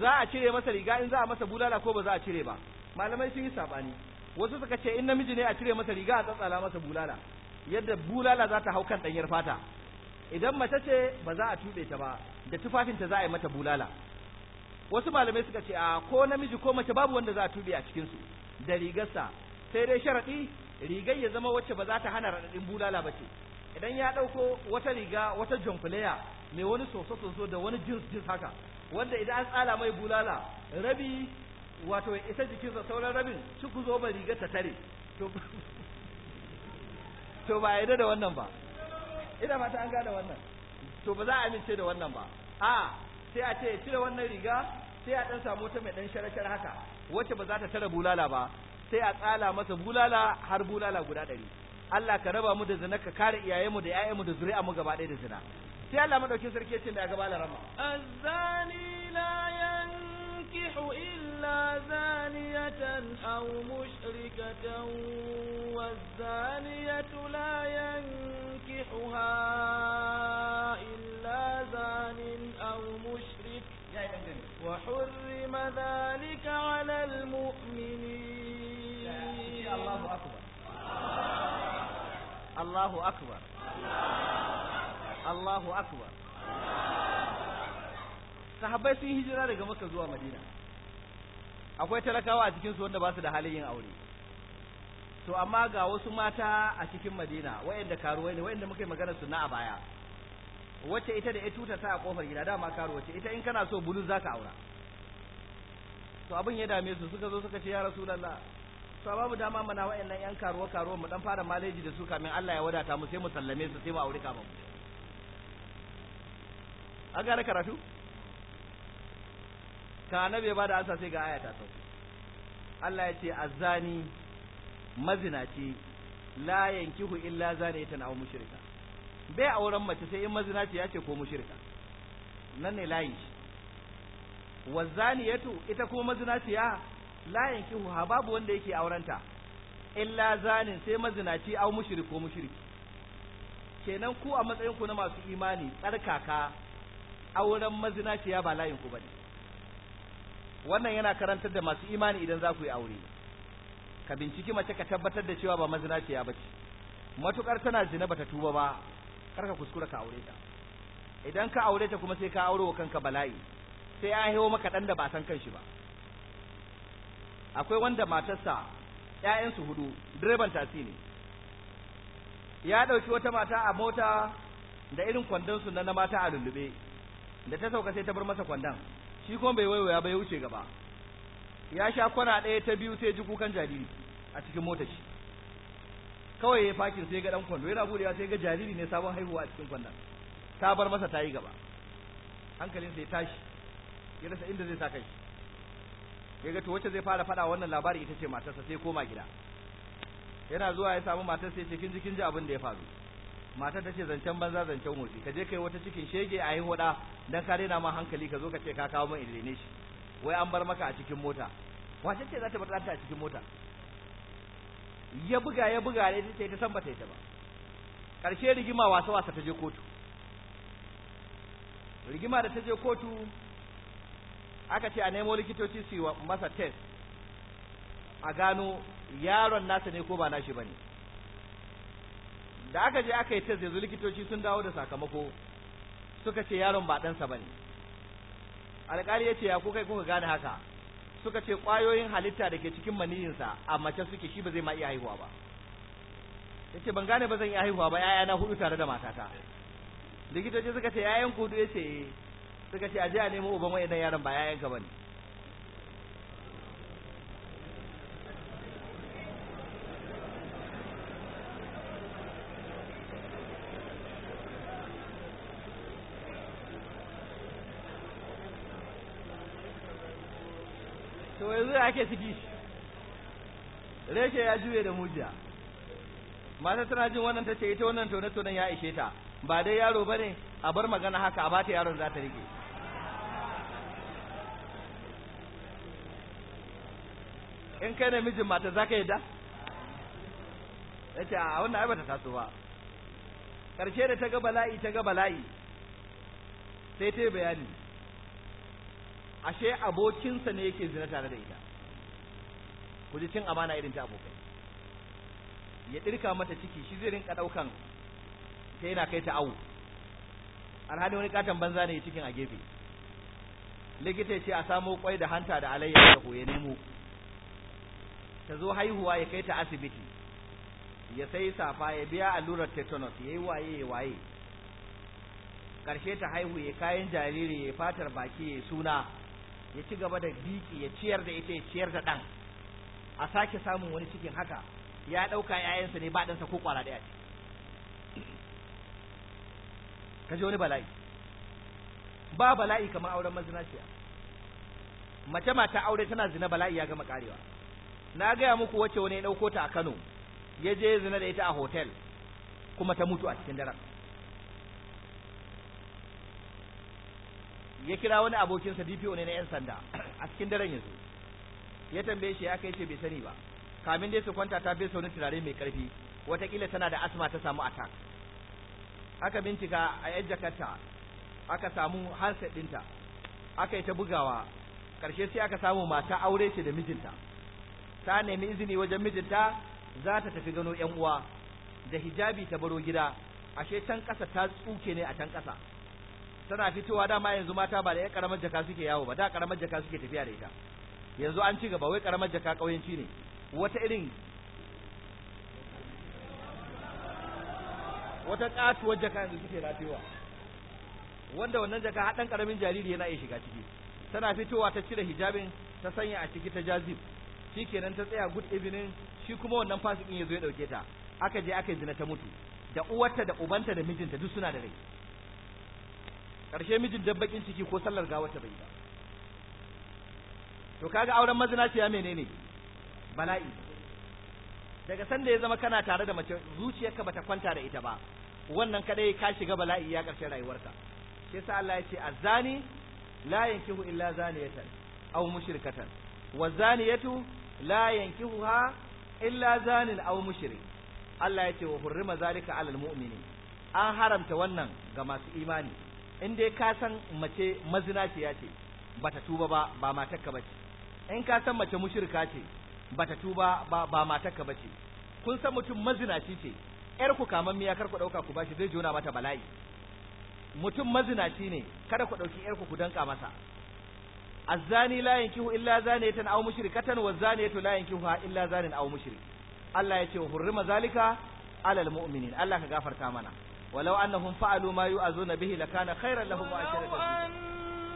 za a cire masa riga in za a masa bulala ko ba za a cire ba malamai sun yi sabani wasu suka ce in namiji ne a cire masa riga a tsatsala masa bulala yadda bulala za ta hau kan ɗanyar fata idan mace ce ba za a tuɓe ta ba da tufafinta za a yi mata bulala wasu malamai suka ce a ko namiji ko mace babu wanda za a tube a cikin su da rigarsa sai dai sharadi rigar ya zama wacce ba za ta hana radadin bulala ba ce idan ya dauko wata riga wata jamfulaya mai wani soso soso da wani jins jins haka wanda idan an tsala mai bulala rabi wato ya isa jikinsa sauran rabin su ku zo ba rigar ta tare to (laughs) ba yarda da wannan ba ina fata an gane wannan to ba za a amince da wannan ba a sai a ce ya cire wannan riga sai a ɗan samu ta mai dan sharashar haka wacce ba za ta tara bulala ba sai a tsala masa bulala har bulala guda ɗari Allah ka raba mu da zina ka kare iyayenmu da ƴaƴanmu da zuri'a mu gaba ɗaya da zina sai Allah madaukin sarki ya ce mai a gaba larama azani la yankihu illa إلا زانية أو مشركة والزانية لا ينكحها إلا زان أو مشرك وحرم ذلك على المؤمنين الله أكبر الله أكبر الله أكبر sahabbai sun hijira daga maka zuwa madina akwai talakawa a cikinsu wanda ba su da halin yin aure to amma ga wasu mata a cikin madina wayanda karuwai ne wayanda muka yi magana su na a baya wacce ita da ya tuta ta a kofar gida dama karuwa ce ita in kana so bulu zaka aura to abin ya dame su suka zo suka ce ya rasulullah to babu dama mana wayannan yan karuwa karuwa mu dan fara maleji da su kamin Allah ya wadata mu sai mu sallame su sai mu aure ka mu an gane karatu kana bai bada ansa sai ga aya ta sauke Allah ya ce azzani mazinaci la yankihu illa zaniyatan aw mushrika bai auren mace sai in mazinaci ya ce ko mushrika nan ne layin shi zaniyatu ita kuma mazinaciya la yankihu ha babu wanda yake aurenta illa zanin sai mazinaci aw mushrik ko mushriki kenan ku a matsayin ku na masu imani tsarkaka auren mazinaciya ba layin ku bane wannan yana karantar da masu imani idan za ku yi aure ka binciki mace ka tabbatar da cewa ba mazinaciya ba ce matuƙar tana zina ba ta tuba ba kar ka kuskura ka aure ta idan ka aure ta kuma sai ka aure wa kanka bala'i sai ya haihu maka ɗan da ba san shi ba akwai wanda matarsa 'ya'yansu hudu direban tasi ne ya ɗauki wata mata a mota da irin kwandon su na mata a lullube da ta sauka sai ta bar masa kwandon shi kuma bai waiwaya ya wuce gaba ya sha kwana ɗaya ta biyu sai ji kukan jariri a cikin motar shi kawai ya fakin sai ga dan kwando yana a sai ga jariri ne sabon haihuwa a cikin kwandon ta bar masa ta yi gaba hankalin sai tashi ya rasa inda zai sa kai ya ga to wacce zai fara faɗa wannan labari ita ce matarsa sai koma gida yana zuwa ya samu matarsa ya ce kin ji kin ji abin da ya faru mata ta ce zancen banza zancen motsi ka je kai wata cikin shege a haihu da dan ka daina ma hankali ka zo ka ce ka kawo min ilene shi wai an bar maka a cikin mota wace ce za ta bar ta a cikin mota ya buga ya buga ne ta ta san ba ta yi ta ba ƙarshe rigima wasa wasa ta je kotu rigima da ta je kotu aka ce a nemo likitoci su yi masa test a gano yaron nasa ne ko ba nashi ba ne da aka je aka yi test yanzu likitoci sun dawo da sakamako suka ce yaron ba ɗansa ba ne alƙali ya ce ya kuka kuka gane haka suka ce ƙwayoyin halitta da ke cikin maniyinsa a mace suke shi ba zai ma iya haihuwa ba ya ce ban gane ba zan iya haihuwa ba ‘ya'yana hudu tare da matata likitoci suka ce ‘ya'yan kudu ya ce eh. suka ce a je a nemo uban wa'in yaron ba ‘ya'yanka ba ne ake ciki reshe ya juye da mujiya mata tana jin wannan tace ita wannan tone tonen ya ishe ta ba dai yaro ba ne a bar magana haka a bata yaron za ta rike in kai ne mijin mata za ka yadda yace a wannan ai bata taso ba karshe da ta ga bala'i ta ga bala'i sai ta bayani ashe abokinsa ne yake zina tare da ita ku ji cin amana irin ta abokai ya dirka mata ciki shi zai rinka daukan ta yana kai ta awu alhali wani katon banza ne cikin a gefe likita ce a samo kwai da hanta da alayya da ya nemo ta zo haihuwa ya kai ta asibiti ya sai safa ya biya allurar tetanus ya yi waye ya waye karshe ta haihu ya kayan jariri ya fatar baki ya suna ya ci gaba da biki ya ciyar da ita ya ciyar da ɗan a sake samun wani cikin haka ya ɗauka ‘ya'yansa ne ba ɗansa ko ƙwara ɗaya ce ka wani bala'i ba bala'i kamar auren mazinaciya mace mata aure tana zina bala'i ya gama ƙarewa na gaya muku wace wani ya ɗauko ta a kano ya je zina da ita a hotel kuma ta mutu a cikin daren ya kira wani abokinsa dpo ne na 'yan sanda a cikin daren yanzu ya tambaye shi ya kai ce bai sani ba kamin dai su kwanta ta fesa sauni turare mai karfi watakila tana da asma ta samu attack aka bincika a yan jakarta aka samu handset ɗinta aka yi ta bugawa ƙarshe sai aka samu mata aure ce da mijinta ta nemi izini wajen mijinta za ta tafi gano yan uwa da hijabi ta baro gida ashe can ƙasa ta tsuke ne a can ƙasa tana fitowa dama yanzu mata ba da ƴan ƙaramar jaka suke yawo ba da ƙaramar jaka suke tafiya da ita yanzu an ci gaba wai karamar jaka kauyanci ne wata irin wata katuwar jaka yanzu suke ratewa wanda wannan jaka haɗan karamin jariri yana iya shiga ciki tana fitowa ta cire hijabin ta sanya a ciki ta jazib shi kenan ta tsaya good evening shi kuma wannan fasikin ya zo ya dauke ta aka je aka yi zina ta mutu da uwarta da ubanta da mijinta duk suna da rai ƙarshe mijin dan ciki ko sallar gawar ta bai ba to kaga auren mazinaciya menene bala'i daga sanda ya zama kana tare da mace zuciyarka bata kwanta da ita ba wannan kadai ka shiga bala'i ya karshe rayuwarka shi yasa Allah ya ce azani la yankihu illa zaniyatan aw mushrikatan wa zaniyatu la yankihuha illa zanin aw mushrik Allah ya ce wa hurrima zalika alal mu'mini an haramta wannan ga masu imani in dai ka san mace mazinaciya ce bata tuba ba ba matarka bace in ka san mace mushirka ce bata tuba ba ba matarka bace kun san mutum mazinaci ce yar ku kaman miya kar ku dauka ku bashi zai jona mata bala'i mutum mazinaci ne kada ku dauki yar ku ku danka masa azzani la yankihu illa zaniyatan aw mushrikatan wa zaniyatu la yankihuha illa zanin aw mushrik Allah ya ce wa hurrima zalika alal mu'minin Allah ka gafarta mana walau annahum fa'alu ma yu'azuna bihi lakana khairan lahum wa asharatan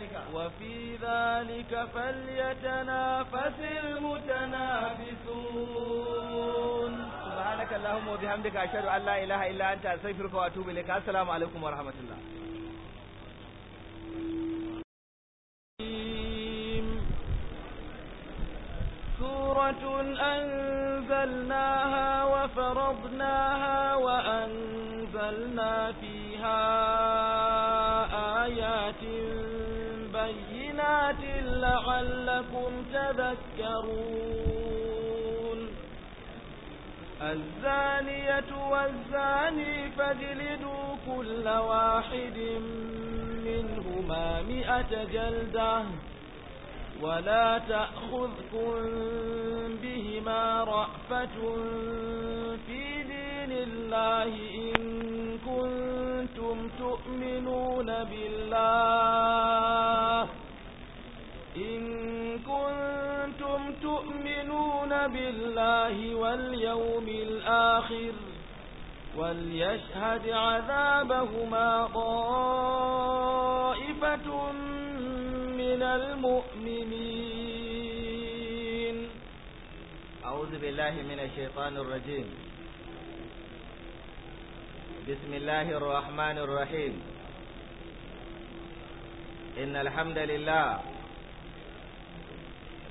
ذلك وفي ذلك فليتنافس المتنافسون سبحانك اللهم وبحمدك أشهد أن لا إله إلا أنت أستغفرك وأتوب إليك السلام عليكم ورحمة الله سورة أنزلناها وفرضناها وأنزلنا فيها آيَاتٍ لَعَلَّكُمْ تَذَكَّرُونَ الزَّانِيَةُ وَالزَّانِي فَاجْلِدُوا كُلَّ وَاحِدٍ مِنْهُمَا مِائَةَ جَلْدَةٍ ولا تأخذكم بهما رأفة في دين الله إن كنتم تؤمنون بالله بالله واليوم الآخر وليشهد عذابهما طائفة من المؤمنين أعوذ بالله من الشيطان الرجيم بسم الله الرحمن الرحيم إن الحمد لله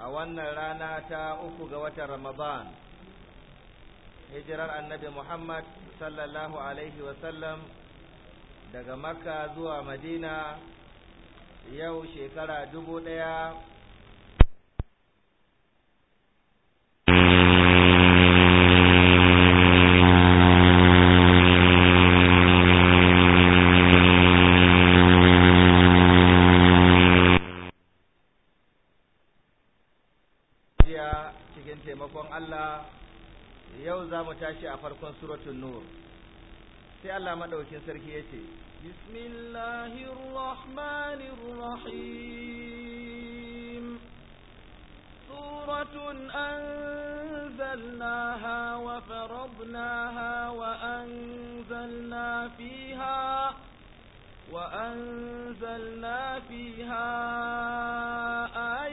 a wannan rana ta uku ga watan Ramadan hijirar annabi Muhammad sallallahu alaihi wasallam daga Makka zuwa Madina yau shekara dubu ɗaya taimakon Allah yau za mu tashi a farkon suratun nur sai Allah maɗaukin sarki yace bismillahir rahmanir suratun anzalnaha wa faradnaha wa anzalna fiha وأنزلنا فيها آيات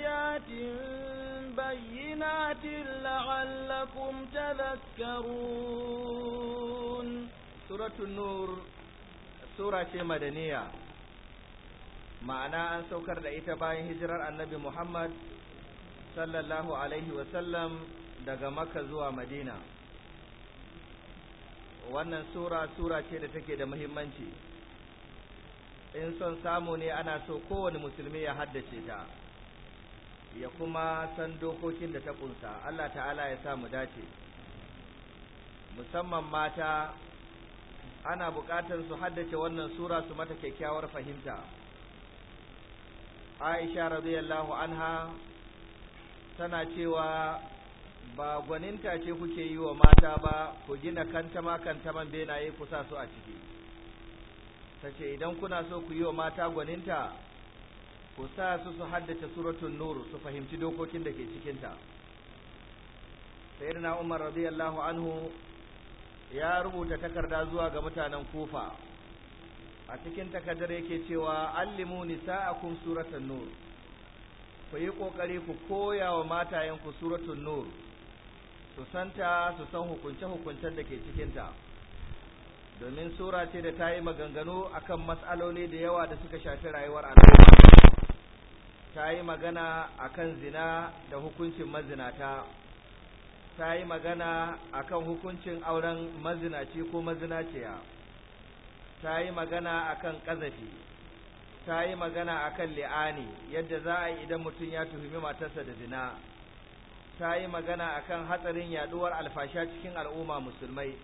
لعلكم تذكرون سورة النور سورة ma'ana an saukar da ita bayan hijirar annabi Muhammad sallallahu alaihi wasallam daga Makka zuwa Madina wannan sura sura ce da take da muhimmanci in son samu ne ana so kowane musulmi ya haddace ta ya kuma san dokokin da ta kunsa Allah ta'ala ya sa mu dace musamman mata ana buƙatar su haddace wannan sura su mata kyakkyawar fahimta Aisha radiyallahu anha tana cewa ba gwaninta ce kuke yi wa mata ba ku gina kanta ma kantama kantaman benaye ku sa su a ciki ta ce idan kuna so ku yi wa mata gwaninta ku sa su su haddace suratul nur su fahimci dokokin da ke cikinta sayyidina umar radiyallahu anhu ya rubuta takarda zuwa ga mutanen kufa a cikin takardar yake cewa allimu nisa'akum suratul nur ku yi kokari ku koya wa matayenku suratul nur su santa su san hukunce-hukuncen da ke cikinta domin sura ce da ta yi maganganu akan matsaloli da yawa da suka shafi rayuwar al'umma ta yi magana a kan zina da hukuncin mazinata ta yi magana a kan hukuncin auren mazinaci ko mazinaciya ta yi magana a kan ƙazafi ta yi magana a kan li'ani yadda za a yi idan mutum ya tuhumi matarsa da zina ta yi magana a kan hatsarin yaɗuwar alfasha cikin al'umma musulmai